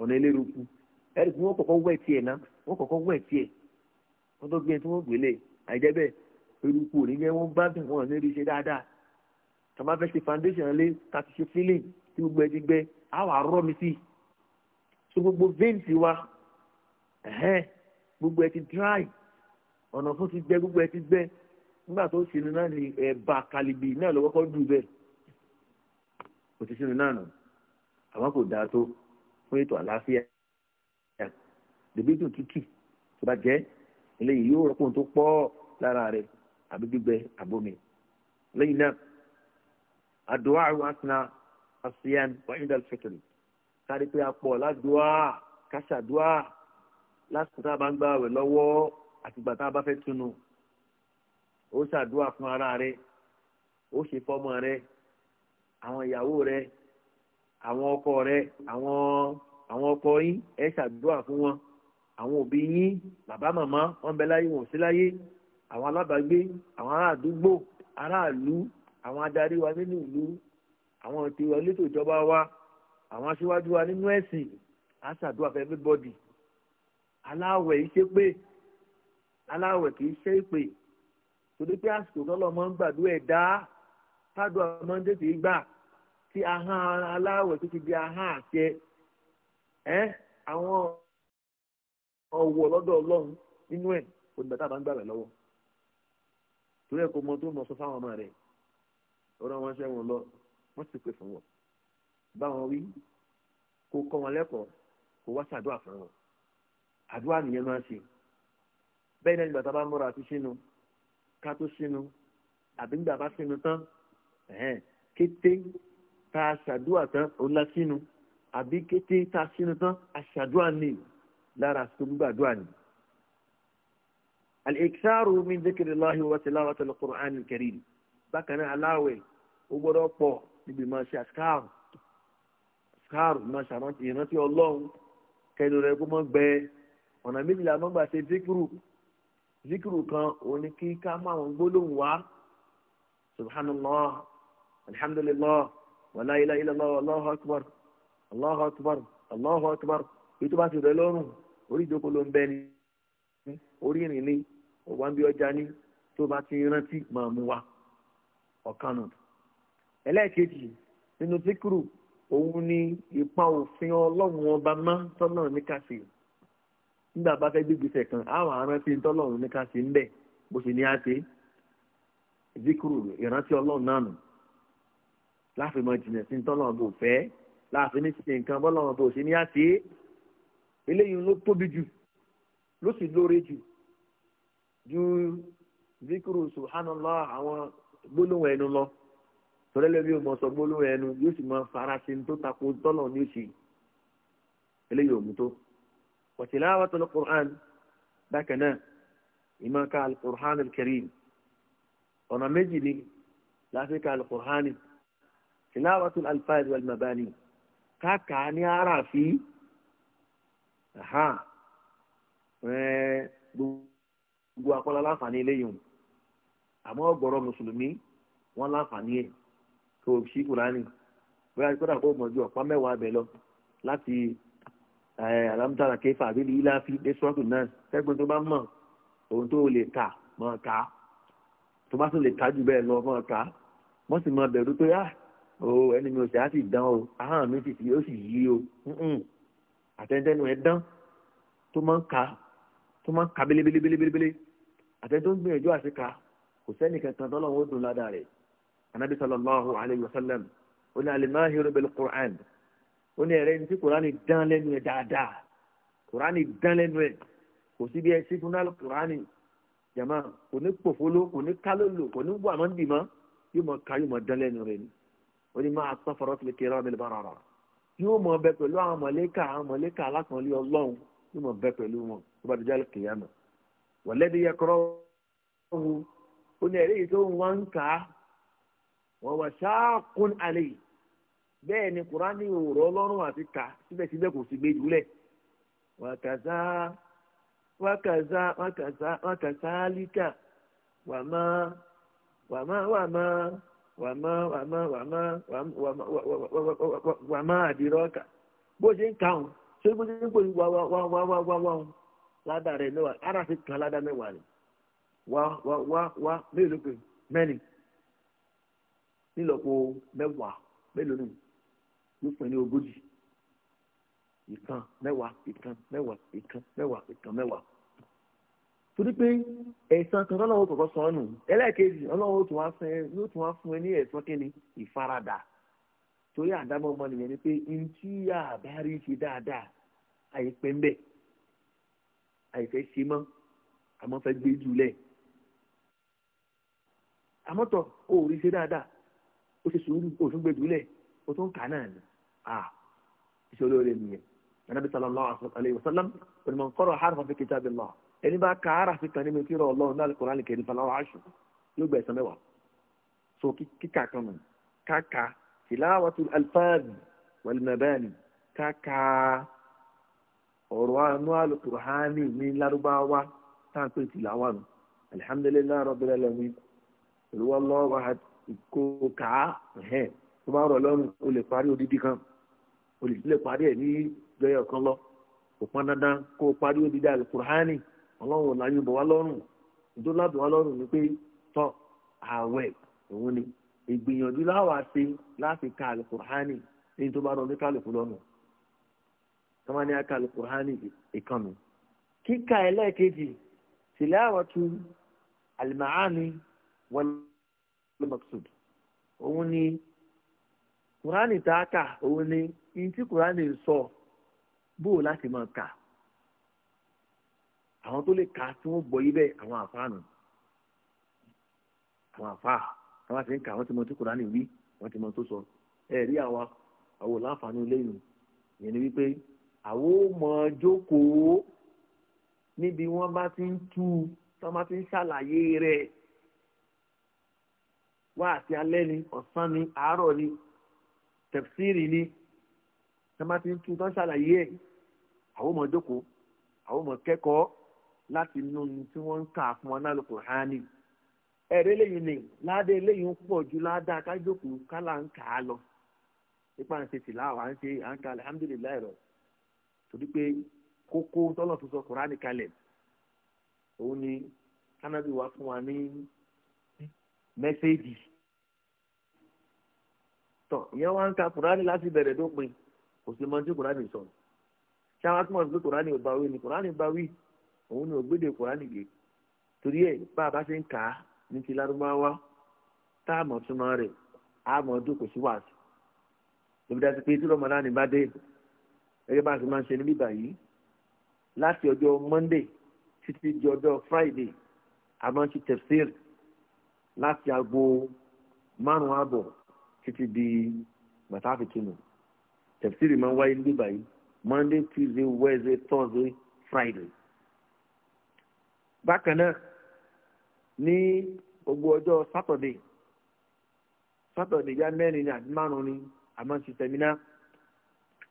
ọ̀nà wọ́n tó gbé tí wọ́n gbélé àìjẹ́ eruku òní jẹ́ wọ́n gbádùn wọn ní iṣẹ́ dáadáa tá a bá fẹ́ ṣe foundation lé ká ti ṣe filling tí gbogbo ẹ ti gbẹ á wà rọ́ mi sí so gbogbo veins wa gbogbo ẹ ti dry ọ̀nà fún ti gbẹ gbogbo ẹ ti gbẹ nígbà tó sinmi náà ni ẹ̀bà kalibi náà ló kọ́kọ́ dùn bẹ́ẹ̀ kò ti sinmi náà nù àwọn kò dáa tó fún ètò àlàáfíà dèbí dùn tútù tó bá jẹ́ eléyìí yóò rọ́pò tó pọ̀ lára rẹ̀ àbí gbígbẹ àbómi lẹ́yìn náà àdúrà àwọn asina asiyan wàhíndà fẹtẹlẹ kárí pé a pọ̀ ládùúà kásàdùà lásìkò tá a bá ń gbà wẹ̀ lọ́wọ́ àtìgbà tá a bá fẹ́ tunu ó ṣàdúrà fún ara rẹ ó ṣe fọ́mọ rẹ àwọn ìyàwó rẹ àwọn ọkọ rẹ àwọn ọkọ yín ẹ ṣàdúrà fún wọn àwọn òbí yín bàbá màmá wọn bẹ láyé wọn ò sí láyé àwọn alábàágbé àwọn ará àdúgbò aráàlú àwọn adarí wa nínú ìlú àwọn ètò elétò ìjọba wa àwọn aṣíwájú wa nínú ẹ̀sìn á fún everybody aláwẹ̀ yìí ṣe pé aláwẹ̀ kì í ṣe ìpè torí pé àsìkò tọ́lọ̀ máa ń gbàdúrà ẹ̀ dá tádùá máa ń tètè gbà tí ahọ́n aláwẹ̀ tó ti di ahọ́n àṣẹ ẹ́ àwọn ọwọ́ lọ́dọ̀ ọlọ́run nínú ẹ̀ onígbàtà bá ń gbàgbẹ́ lọ́wọ́ torí ẹ̀ kò mọ tó mọ sọ fáwọn ọmọ rẹ̀ ọ̀rọ̀ wọn ṣẹ́ wọn lọ wọ́n sì pè fún wọn bá wọn wí kó kọ́ wọn lẹ́kọ̀ọ́ kó wá ṣàdúrà fún wọn àdúrà nìyẹn máa ń ṣe bẹ́ẹ̀ náà nígbàtà bá ń múra àti sínú ká tó sínú àbí nígbà bá sínú tán kété tá a ṣàdúrà tán òun lá àbí kété tá a sínú tán a ṣàdúrà nìyẹn lára tó ń gbàdúrà ni. al-iktharu min dhikrillahi wa tilawatil qur'anil karim bákan náà aláwẹ̀ ó gbọ́dọ̀ pọ̀ níbi máa ṣe àṣkáàrù àṣkáàrù máa ṣàrántí ìrántí ọlọ́run kẹnu rẹ kó mọ́ gbẹ ọ̀nà méjìlá mọ́gbà ṣe zikiru zikiru kan òun ni kí ká máa wọn gbólóhùn wá subhanallah alhamdulillah wàlá ilaha illallah allahu akbar allahu akbar allahu akbar èyí ti rẹ lọ́rùn orí ìjókòó ló ń bẹ ni orí ìrìn ni ọ̀wá ń bí ọjà ní tó bá ti rántí máa mú wa ọ̀kanà ẹlẹ́ẹ̀kejì nínú síkúrù òun ni ipa òfin ọlọ́run ọba má tọ́lọ̀ níkàsí nígbà bá fẹ́ gbégbèsè kan àwọn arántí tọ́lọ̀run níkàsí ń bẹ̀ bó ṣe ní á ṣe síkúrù ìrántí ọlọ́run náà nù láàfin mọ jìnnà sí tọ́lọ̀run bò fẹ́ láàfin ní ṣe nǹkan bọ́lọ́run bò ṣe ní á ṣe eléyìí ló tóbi jù ló sì lóore jù ju zikiru subhanallah àwọn gbólóhùn ẹnu lọ tọ́lẹ́lẹ́ bí o mọ̀ sọ gbólóhùn ẹnu yóò sì mọ farasin tó tako tọ́lọ̀ ní òsì eléyìí òmù tó wàtílá wa tọ́lọ̀ qur'an bákan náà ìmọ̀ọ́ká alukur'an karim ọ̀nà méjì ni láti ka alukur'an tilawatul alfaid wal mabani káàkà ní aráàfin gbogbo akọ́lá láǹfààní eléyìí hùn àmọ́ ọ̀gọ̀rọ̀ mùsùlùmí wọ́n láǹfààní ẹ̀ tó o ṣí kùránì bóyá kódà kó o mọ̀ ju ọ̀pá mẹ́wàá abẹ lọ láti alámútàlà kéfà àbí líláfi dé sọ́ọ̀tù náà sẹ́gbẹ́ tó bá mọ̀ ohun tó lè kà mọ̀ ká tó bá tún lè ká jù bẹ́ẹ̀ lọ mọ̀ ká wọ́n sì mọ̀ bẹ̀rù pé ah ẹni mi ò sì á sì dán o ahọ́n mi sì ó sì yí o àtẹnudẹnu ẹ dán tó máa ń ka tó máa ń ka belebelebelebele àtẹnudẹ tó ń gbìyànjú àti ka kò sẹ́ni kankan tó lọ́wọ́ dùn ládàá rẹ̀ anabi sallallahu alayhi wa sallam ó ní alimahiru bil qur'an ó ní ẹ̀rẹ́ ní tí kùránì dán lẹ́nu ẹ̀ dáadáa kùránì dán lẹ́nu ẹ̀ kò sí bí sí fúnná kùránì jama kò ní pòfolo kò ní kálólo kò ní wàmọ́ dìmọ́ yóò mọ̀ ká yóò mọ̀ dán lẹ́nu rẹ̀ ni ó ní máa sọ fọ́rọ́ kìlì kìlì rọ́ọ̀mì lè bá rọ̀rọ̀ yóò mọ bẹ pẹ̀lú àwọn mọ̀lẹ́kà àwọn mọ̀lẹ́kà alákànlé ọlọ́run yóò mọ bẹ pẹ̀lú wọn tó bá dojá lókè yàmà wọ̀lẹ́dí yẹ kọ́rọ́ ọ̀hún ó ní ẹ̀rí tó wọ́n ń kà á wọ́n wà ṣáàkún àlẹ́ yìí bẹ́ẹ̀ ni kùránì òòrọ̀ ọlọ́run àti kà síbẹ̀síbẹ̀ kò sì gbé jùlẹ̀ wàkàzá wàkàzá wàkàzá wàkàzá líkà wàmá wàmá wàmá. wàmá wàmá wàmá wàmá àdìrọ́kà bó ṣe ń kàún ṣé bó ṣe ń pè wá wá wá wá wá wá wá ládà rẹ̀ mẹ́wàá ara fi kàn ládà torí pé ẹ̀san kan lọ́wọ́ kọ̀ọ̀kan sọ ọ́nù ẹlẹ́ẹ̀kejì ọlọ́wọ́ tó wá fún ẹ yóò tó wá fún ẹ ní ẹ̀san kíni ìfaradà torí àdámọ́ ọmọ nìyẹn ni pé ntí àbárí ṣe dáadáa àyẹ̀pẹ̀ ń bẹ̀ àyẹ̀fẹ́ ṣe mọ́ àmọ́ fẹ́ gbé jùlẹ̀ àmọ́tọ̀ o rí ṣe dáadáa ó ṣe sùúrù o tún gbé jùlẹ̀ o tún kà náà ni ìṣòro rẹ̀ nìyẹn anábì sallallahu alaihi wasallam onímọ̀ nkọ́rọ̀ harfa fi kitabillah ẹni bá ka ara fi tàn nínú tí rọ ọlọ́run náà kọ́ra lè kẹ́rin faláwọ́ aṣọ yóò gba ẹ̀san mẹ́wàá so kíkà kan nù káka tìláwàtú alfáàdì wàlùmẹ̀bẹ́ẹ̀nì káka ọ̀rọ̀ anú alukurhani ní lárúbáwá táà pé tìláwà nù alihamdulilayi rabbil alamin olúwa lọ́wọ́ kó ká ẹ̀hẹ́n tó bá rọ̀ lọ́rùn o lè parí odidi kan o lè parí ẹ̀ ní jọyọ̀ kan lọ kò pọn dandan kó parí odidi alukurhani. ọlọ́run ò láyé bọ̀ wá lọ́rùn tó wá lọ́rùn ni pé tọ́ òun ni ìgbìyànjú láwàá ṣe láti ka alukur'ani ní tó bá rọ ní kálukú lọ́nà tọ́mọ ní aka alukur'ani ìkànnì kíka ẹlẹ́ẹ̀kejì òun ni tá a kà òun ni sọ bóò láti àwọn tó lè kà á tí wọ́n gbọ́ yí bẹ́ẹ̀ àwọn àfáà nù àwọn àfáà àwọn àti ń kà wọ́n ti mọ tí Kùránì wí wọ́n ti tó sọ ẹ rí àwa àwọn láǹfààní lẹ́yìn ìyẹn ni wípé àwọn ò mọ jókòó níbi wọ́n bá ti ń tú wọ́n bá ti ń ṣàlàyé rẹ̀ wá àti alẹ́ ni ọ̀sán ni àárọ̀ ni tẹ̀fsíìrì ni wọ́n bá ti ń tú wọ́n ṣàlàyé ẹ̀ àwọn ò mọ jókòó àwọn ò mọ kẹ́kọ̀ọ́ láti inú tí wọ́n ń kà fún wọn náà al ẹ̀rẹ́ lẹ́yìn ni ládé lẹ́yìn ń pọ̀ ju ládàá kájókòó kálá ń kà á lọ nípa ń ṣe tìláwà à ń ṣe à ń ka alhamdulilayi rọ torí pé kókó tọ́lọ̀ tó sọ kùránì kalẹ̀ òun ni kánábì wá fún wa ní mẹ́sẹ́ẹ̀jì tọ̀ ìyẹn wá ń ka kùránì láti bẹ̀rẹ̀ dópin kò sí mọ́ tí kùránì sọ ṣáwá túmọ̀ sí pé kùránì bá wí ni kùránì bá wí òun náà gbédè kùránì gé torí ẹ bá a bá ṣe ń kà á ní ti lárúbáwá tá a mọ̀ túmọ̀ rẹ̀ a mọ̀ ọdún sí wàásù lóbi dá sí pé tí lọ́mọdá ni bá dé bá a ṣe máa ń ṣe níbí báyìí láti ọjọ́ monday títí di ọjọ́ friday a máa ń ṣe tẹ̀síìr láti aago márùn-ún àbọ̀ títí di màtáfi tunu tẹ̀síìr máa ń wáyé níbí báyìí monday tuesday wednesday thursday friday bákan náà ní gbogbo ọjọ́ sátọ̀dé sátọ̀dé yá mẹ́rin ní àti márùn ni a máa ń ṣe sẹ́mínà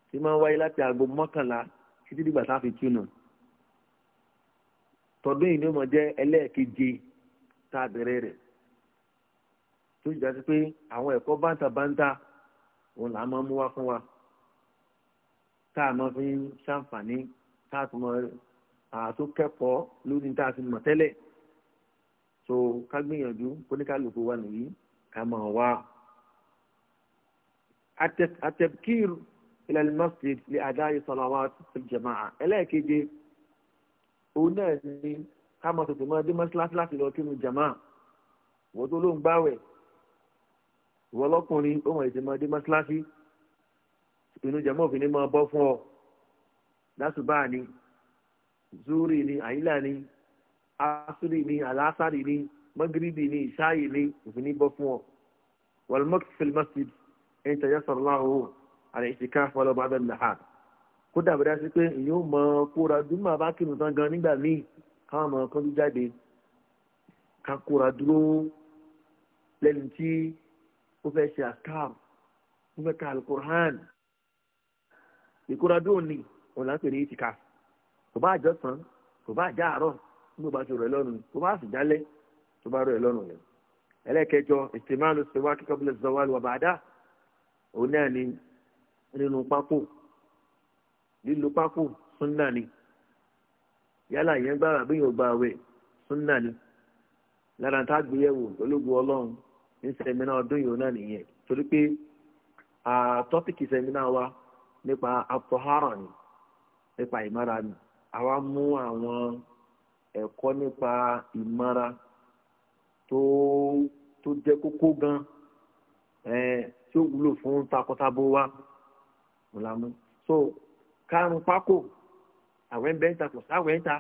tí máa ń wáyé láti aago mọ́kànlá títí dìgbà tá a fi túnú tọdún yìí ni ó mọ̀ jẹ́ ẹlẹ́ẹ̀keje tá a bẹ̀rẹ̀ rẹ̀ tó jìjà sí pé àwọn ẹ̀kọ́ báńtàbáńtà òun là á máa mú wá fún wa tá a máa fi ṣàǹfààní tá a tún máa àtó kẹ́kọ̀ọ́ lórí tá a mọ̀ tẹ́lẹ̀ so ká gbìyànjú oníkálukú wa nìyí ká máa wá. atẹ̀kír ilẹ̀ masjid lè adáyé sọ̀làwà jama'a ẹlẹ́ẹ̀keje òun náà ni ká máa tètè máa dé mọ́síláṣí láti lọ kírun jama'a wọ́n tó ló ń gbáwẹ̀ ìwọ lọ́kùnrin ó mọ̀ ètè máa dé mọ́síláṣí inú jama'a òfin ni máa bọ́ fún ọ lásùbáà ni zuri ni àyílà ni asuri ni alásàrì ni magiribi ni ìṣáyì ni òfin bọ́ fún ọ walmọ́kì filimasjid ẹni tẹ̀yẹ sọ̀rọ̀ láhùn àrẹ ìṣìká fọlọ́bà bẹ́ẹ̀ lẹ́hà kódà bẹ́ẹ̀ sí pé ìyóò mọ kóra dùnmọ̀ bá kírun tán gan nígbà míì káwọn mọ kọ́ńtù jáde ká kóra dúró lẹ́nu tí ó fẹ́ ṣe àkàr ó fẹ́ ka alukur'an ìkóra dúró ni òun là ń pè kò bá àjọsán kò bá àjà àárọ̀ nígbà bá ṣòro ẹ lọ́rùn kò bá sì jálẹ̀ tó bá rọ ẹ lọ́rùn rẹ. ẹlẹ́kẹjọ ìsèmánu ṣe wá kíkọ́ bí lẹ́sọ̀ wá lù ọ̀bà àdá òun náà ni nínú pákó lílo pákó súnà ni yálà ìyẹn gbára bí yóò gba àwẹ̀ súnà ni lára tá a gbéyẹ̀wò ológun ọlọ́run ní sẹ́mínà ọdún yìí náà nìyẹn torí pé tọ́pìkì sẹ́mínà wa nípa àtọ̀hárà ni nípa ìmára àwa mú àwọn ẹ̀kọ́ nípa ìmọ̀ra tó tó jẹ́ kókó gan tí ó wúlò fún takọtabo wa ọ̀làmú so kárùn pákó àwẹ̀ ń bẹ́ ń ta kò sáwẹ̀ ń ta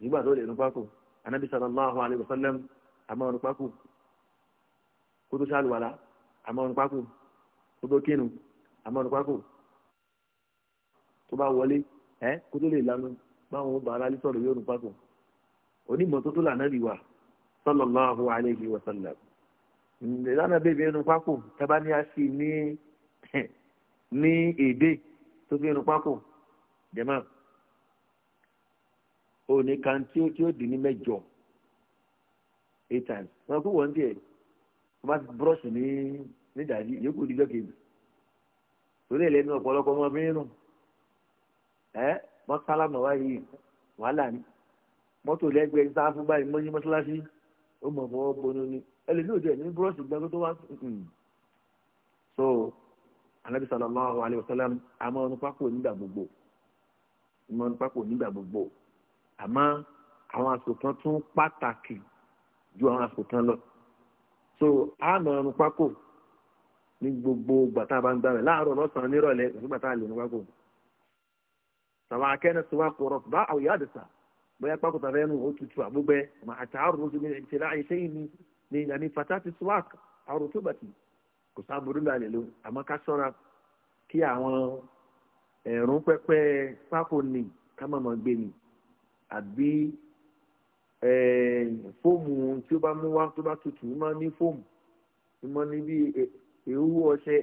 nígbà tó lè nu pákó anabi sallallahu alayhi wa sallam àmọ́ nu pákó kó tó ṣàlùwàlà pákó kó kínu àmọ́ pákó tó bá wọlé ẹ kó tó lè lanu báwọn bá ara sọ̀rọ̀ yóò rún papọ̀ onímọ̀tótó lànà rí wa sallallahu alayhi wa sallam ìlànà bèbè ẹnu pákó tábà ní a sì ní ní èdè tó fi ẹnu pákó jẹ̀mọ́ òní kan tí ó tí ó dín ní mẹ́jọ eight times wọn kú wọ́n díẹ̀ wọ́n bá ti búrọ́ọ̀ṣì ní nídàájí yóò kú dídọ́ torí ẹ̀ lẹ́nu ọ̀pọ̀lọpọ̀ ọmọ bí nínú ẹ mọ́sálámà wáyé wàhálà ni mọ́tò lẹ́gbẹ̀ẹ́ sáfù báyìí mọ́ ní mọ́sálásí ó mọ̀ fọwọ́ bọnú ni ẹlẹ́ni òde ní búrọ́ọ̀sì gbẹ́gbẹ́ tó wá. so anabi sallallahu alayhi wa sallam àmọ́ ọ̀nù pákó nígbà gbogbo àmọ́ ọ̀nù pákó nígbà gbogbo àmọ́ àwọn àsòkan tún pàtàkì ju àwọn àsòkan lọ so àmọ́ ọ̀nù pákó ní gbogbo gbàtà bá ń gbà rẹ̀ láàárọ̀ lọ́sàn-án nírọ̀lẹ́ ìgbàtà سواء كان السواق رطبا أو يابسا ويقبق تبينه وتتوى ببه مع التعرض من ابتلاع شيء من يعني فتاة السواق أو رطوبته كسابر الله لله أما كسرة كي àwọn ẹ̀rùn pẹ́pẹ́ pákó ni ká má máa gbé ni àbí fóòmù tí ó bá mú wá tó bá tutù ó máa ní fóòmù ó máa ní bí ewúro ọṣẹ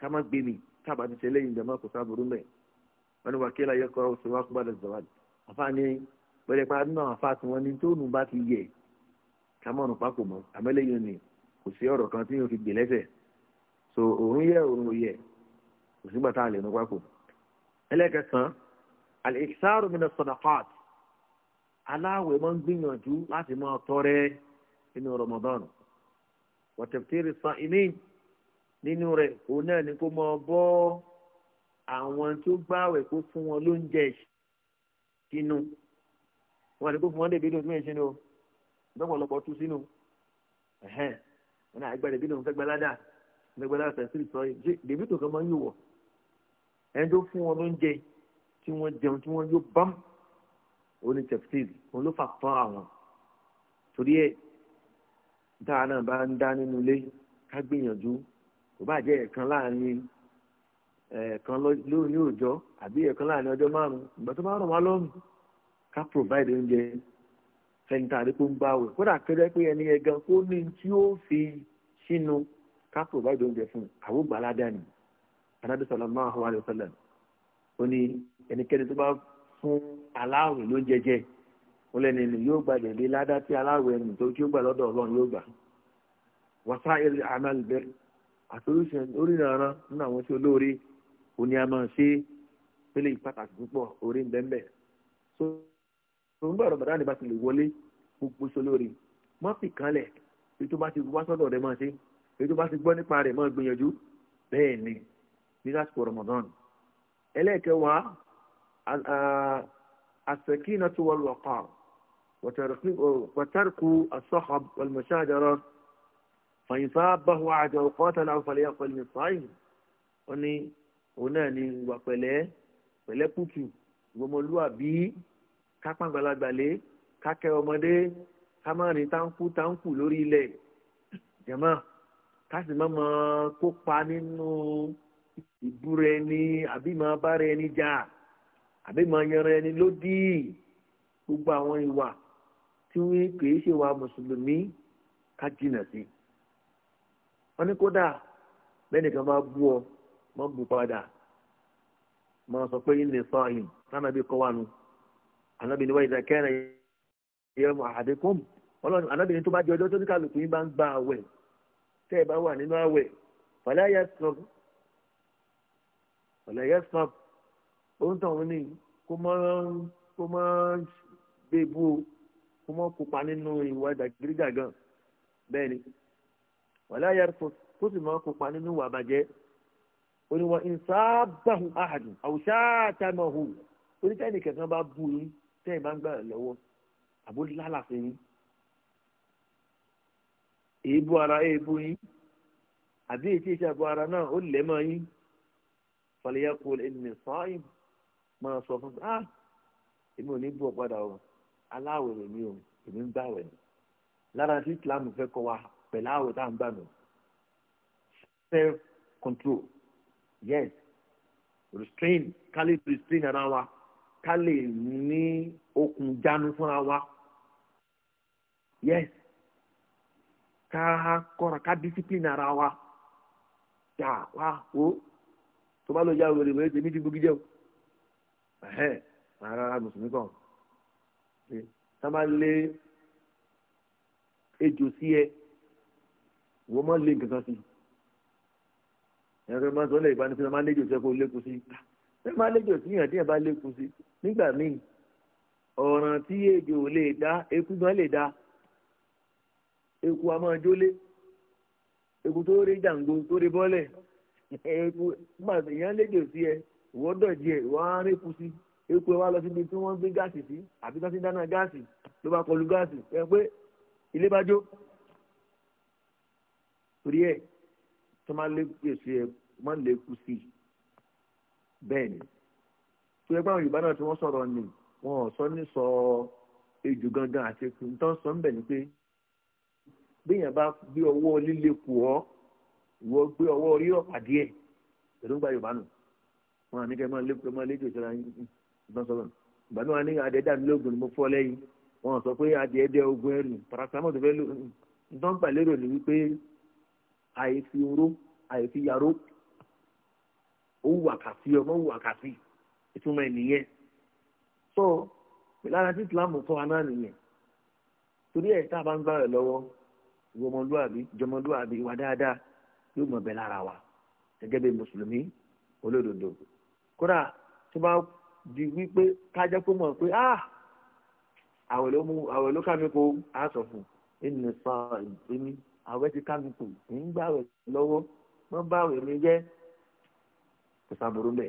ká má gbé ni tábà ti ṣẹlẹ̀ wọ́n ní wàkílà yẹ kọ́ oṣù wa kúbàdà zawadi àfààní pẹ̀lẹ́ pa nínú àwọn afa tí wọ́n ní tóònù bá ti yẹ kámọ́nù pákó mọ́ àmẹ́lẹ́yìn ni kò sí ọ̀rọ̀ kan tí yóò fi gbè lẹ́sẹ̀ so òun yẹ òun yẹ kò sígbà tá a lè nu pákó ẹlẹ́kẹ̀kan alẹ́kisáró mi ní sọ̀dọ̀kọ́t aláwẹ̀ máa ń gbìyànjú láti máa tọrẹ inú Ramadan wọ́tẹ̀pẹ́tẹ́rì sàn ìmí nínú rẹ̀ òun náà ni kó máa bọ́ àwọn tó gbààwẹ̀ kó fún wọn lóúnjẹ sínú wọn ni kó fún wọn lè bínú ìpínlẹ̀ sínú lọ́pọ̀lọpọ̀ tú sínú ẹ̀hẹ́n wọn náà gbàdé bínú fẹ́ gbalada fẹ́ gbalada tẹ̀sílì sọ yìí bèbí tó kàn máa ń yò wọ̀ ẹni tó fún wọn lóúnjẹ tí wọ́n jẹun tí wọ́n yóò bám òní tẹ̀sílì òun ló fà fọ́ àwọn torí ẹ̀ dáa náà bá ń dá nínú ilé ká gbìyànjú kò bá jẹ́ ẹ̀kan láàrin kan lóhùn ní òòjọ́ àbí ẹ̀ẹ̀kan láàrin ọjọ́ márùn-ún ìgbà tó bá rọ̀ wá lọ́rùn ká provide oúnjẹ fẹ́ni tàbí ń bá wẹ̀ kódà kẹ́rẹ́ pé ẹni yẹn gan kó ní tí ó fi sínú ká provide oúnjẹ fún un àwọn ni anábìsọ̀lá máa lọ sọ́lá ó ní ẹnikẹ́ni tó bá fún aláwẹ̀ lóúnjẹ jẹ ó lẹ́ni ẹni yóò gbà dẹ̀dé ládá tí aláwẹ̀ ẹni tó ó gbà lọ́dọ̀ ó ní a máa ṣe pélé pàtàkì púpọ̀ orí ń bẹ́ẹ̀ bẹ́ẹ̀ so tó ń bá ọ̀rọ̀ bàdánì bá ti lè wọlé gbogbo sólórí má fi kanlẹ̀ èyí tó bá ti wá sọ́dọ̀ rẹ̀ máa ṣe èyí tó bá ti gbọ́ nípa rẹ̀ máa gbìyànjú bẹ́ẹ̀ ni ní lásìkò Ramadan ẹlẹ́ẹ̀kẹwàá asẹ̀kínà tó wọlé ọ̀pá wàtàrkù asọ́hà wàlmọ̀ṣáàjọrọ̀ fàyìnfà báwo àjọ ọ̀pọ̀ tẹ̀lé àwọn fàlẹ́yà pẹ̀lú ìfàyìn ó ní òun náà ni ìwà pẹ̀lẹ́ pẹ̀lẹ́ kùtù ìwọmọlúwàbí kápágbalagbàlé kákẹ́ ọmọdé kámárìn táǹkù táǹkù lórí ilẹ̀ jẹ̀mọ́ káṣí má mọ kópa nínú ìbúra ẹni àbí má bára ẹni jà àbí má yanra ẹni lódì gbogbo àwọn ìwà tí wọn kì ṣe wa mùsùlùmí ká jìnà sí wọn ní kódà bẹ́ẹ̀ nìkan bá bú ọ mọ́ bu padà mọ́ sọ pé ilé sọ àyìn lánàá bí kọ́ wà nù ànábì ni wọ́n ìdá kẹ́rin yẹ mọ́ àdékùn ọlọ́run ànábì ni tó bá jẹ ọjọ́ tó ní kálukú yín bá ń gba àwẹ̀ tẹ́ ẹ bá wà nínú àwẹ̀ fàlẹ́ ayé sọ fàlẹ́ ayé sọ ohun tó ń ní kó mọ́ kó mọ́ bébú o kó mọ́ kópa nínú ìwà ìdàgírígà gan bẹ́ẹ̀ ni wàlẹ́ ayé sọ tó sì mọ́ kópa nínú ìwà àbàjẹ́ oníwọ̀n ìsáàbàhùn àhàdùn àwùsáàtàmọ̀hù onítẹ̀yìn kẹ̀kan bá bú yín tẹ́yìn bá ń gbà lọ́wọ́ àbó lálàfin yín èébú ara èébú yín àbí ètí ìṣàbọ̀ ara náà ó lẹ̀ mọ́ yín fàlẹ́yà kò ẹni sọ́ọ̀yìn máa sọ fún ah èmi ò ní bú ọ padà o aláwẹ̀ èmi o èmi ń gbàwẹ̀ lára tí Islam fẹ́ kọ́ wa pẹ̀lú àwẹ̀ ń gbà nù self control. yes restrain carry restrain ara wa carry ni okun janu funra wa yes ka kora ka discipline ara wa ja wa o to ba lo ja wele mo ti mi di bugide o eh eh ara ara mo sunu ko e ta ma le e josie wo ma le nkan si ẹ̀yàn tó máa ń sọ lẹ́yìn ìbánisí ẹ máa léjò sí ẹkọ lékun sí ẹ máa léjò sí ìyàn díẹ̀ bá lékun sí nígbà míì ọ̀ràn tí ejò lè dá eku gan lè dá eku a máa jólé eku tó rí jàǹgbó tó rí bọ́lẹ̀ eku ìyàn léjò sí ẹ ìwọ́n dọ̀jì ẹ ìwọ́n á rí eku sí eku ẹ wá lọ síbi tí wọ́n gbé gáàsì sí àbí tó ti dáná gáàsì ló bá kọlu gáàsì ẹ pé ilé bá jó torí ẹ tó máa lé gbèsè ẹ mọ́ lékú sí i bẹ́ẹ̀ ni tó yẹ pé àwọn yorùbá náà tí wọ́n sọ̀rọ̀ ni wọn ò sọ ní sọ ejò gangan àti ekú tó ń sọ ń bẹ̀ ni pé béèyàn bá gbé ọwọ́ líle kù ọ́ ìwọ gbé ọwọ́ orí ọ̀pàdé ẹ̀ èròǹgbà yorùbá nù wọn àní kẹ́ máa lé kẹ́ máa lé jòjò ra ìbọn sọ̀rọ̀ ìgbà náà ní adẹ́dá mi lóògùn ni mo fọ́ lẹ́yìn wọn sọ pé adìẹ dẹ ogun ẹrù paracetamol tó fẹ́ lò ń tán gbà lérò ní wípé àìfi oró àìfi yàró ó wù àkàtì ọmọ wù àkàtì ìtumọ̀ ènìyàn sọ lára tí ìsìlámù kọ́ aná nìyẹn torí ẹ̀ tá a bá ń gbá rẹ̀ lọ́wọ́ ìwọ ọmọlúwàbí jọmọlúwàbí ìwà dáadáa yóò mọ̀ bẹ́ẹ̀ lára wa gẹ́gẹ́ bí mùsùlùmí olódodo kódà tó bá di wípé kájá kó mọ̀ pé ah àwẹ̀ ló kà mí kó a sọ fún ẹni sọ ẹni àwẹ̀ ti kálukú ń gbà rẹ̀ lọ́wọ́ wọ́n bá rẹ̀ mi jẹ́ ìsàbùrù mẹ́.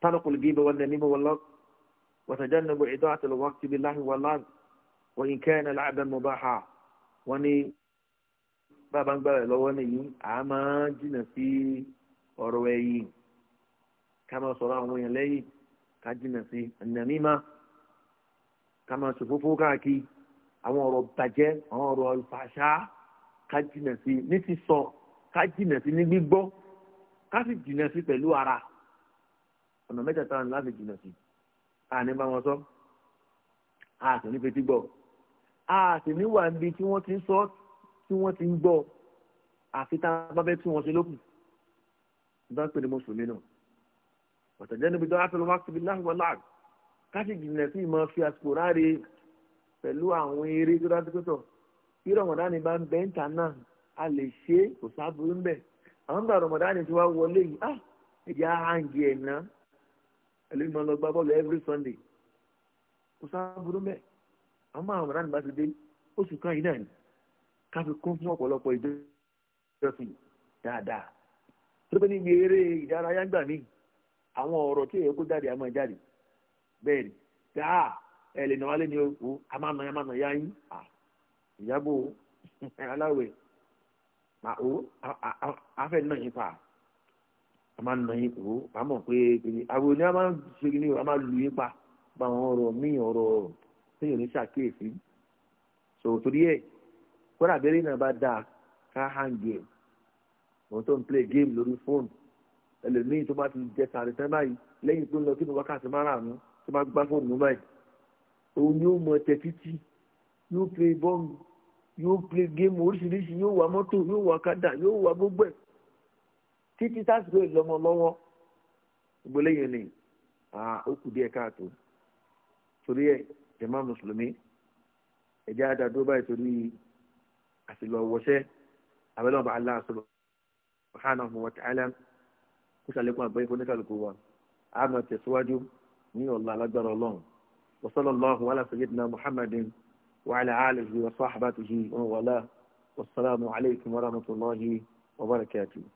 tálọ́kù lè gbé wọn lẹ́ni wọn lọ wọ́sàjá nàbọ̀ ìdọ́ àtẹlẹwọ́ ti bí láhìí wọn láàbù wọ́n yìí kẹ́rin láàbẹ̀ mọ́ bá ha wọ́n ní bàbá ń gbà rẹ̀ nìyí à máa sí ọ̀rọ̀ ẹ̀yìn ká máa àwọn èèyàn lẹ́yìn ká jìnà sí ẹ̀nàmímá ká máa káàkiri àwọn ọ̀rọ̀ bàjẹ́ àwọn ọ̀rọ̀ ìfàṣà ká jìnà sí ní sísọ ká jìnà sí ní gbígbọ́ ká sì jìnà sí pẹ̀lú ara ọ̀nà mẹ́ta táwọn láti jìnà sí àní bá wọn sọ a sì ní fetí gbọ́ a sì ní wà níbi tí wọ́n ti ń sọ tí wọ́n ti ń gbọ́ àfi tá a bá bẹ́ tún wọn ṣe lókun bá ń pè ní mùsùlùmí náà ọ̀tẹ̀jẹ́ níbi tó láti lọ́wọ́ síbi láti wọ́n láàrú ká sì jìnà sí ìmọ̀ fi àsìkò ráre pẹ̀lú àwọn eré tó dájú bí rọmọdánì bá ń bẹ ń náà a lè ṣe kò sábúrú ń bẹ àwọn gbà rọmọdánì tí wàá wọlé yìí ah ẹ̀ ná bọ́ọ̀lù every sunday kò sábúrú ń àwọn bá ti dé oṣù kan yìí náà ni ká fi kún fún ọ̀pọ̀lọpọ̀ dáadáa tó bẹ́ẹ̀ eré ìdárayá gbà àwọn ọ̀rọ̀ tí èyí kó ìyábò aláwẹ̀ màó afẹ́ náà yín pa a máa nà yín kúrò a mọ̀ pé àwọn ènìyàn máa ń ṣe kí ni a máa lu yín pa bá àwọn ọ̀rọ̀ míì ọ̀rọ̀ téèyàn ní ṣàkíyèsí sòwò torí ẹ̀ kódà abẹ́rẹ́ náà bá dáa ká hàǹgì ẹ̀ wọ́n tó ń play game lórí fóònù ẹlòmíì tó bá ti jẹ sàrẹ̀ tán báyìí lẹ́yìn tó ń lọ kí ni wákàtí márààrún tó bá gbá fóònù báyìí òun yóò mọ tẹ títí yóò play bọ́ọ̀lù yóò play game oríṣiríṣi yóò wa mọ́tò yóò wa kádà yóò wa gbogbo ẹ̀ títí tásìkò ìlọmọ lọ́wọ́ gbogbo lẹ́yìn ni ó kù díẹ̀ káàtó torí ẹ̀ jàmá mùsùlùmí ẹ̀jẹ̀ àdàdo báyìí torí àṣìlọ wọṣẹ́ abẹ́lẹ́wọ̀n bá aláà sọ̀rọ̀ subhanahu wa ta'ala kó sàlékún àgbáyé fún oníkàlùkù wa a máa tẹ̀síwájú ní ọ̀la alágbára ọlọ́run wa sallallahu ala sayyidina muhammadin. وعلى آله وصحبه ومن والاه والسلام عليكم ورحمة الله وبركاته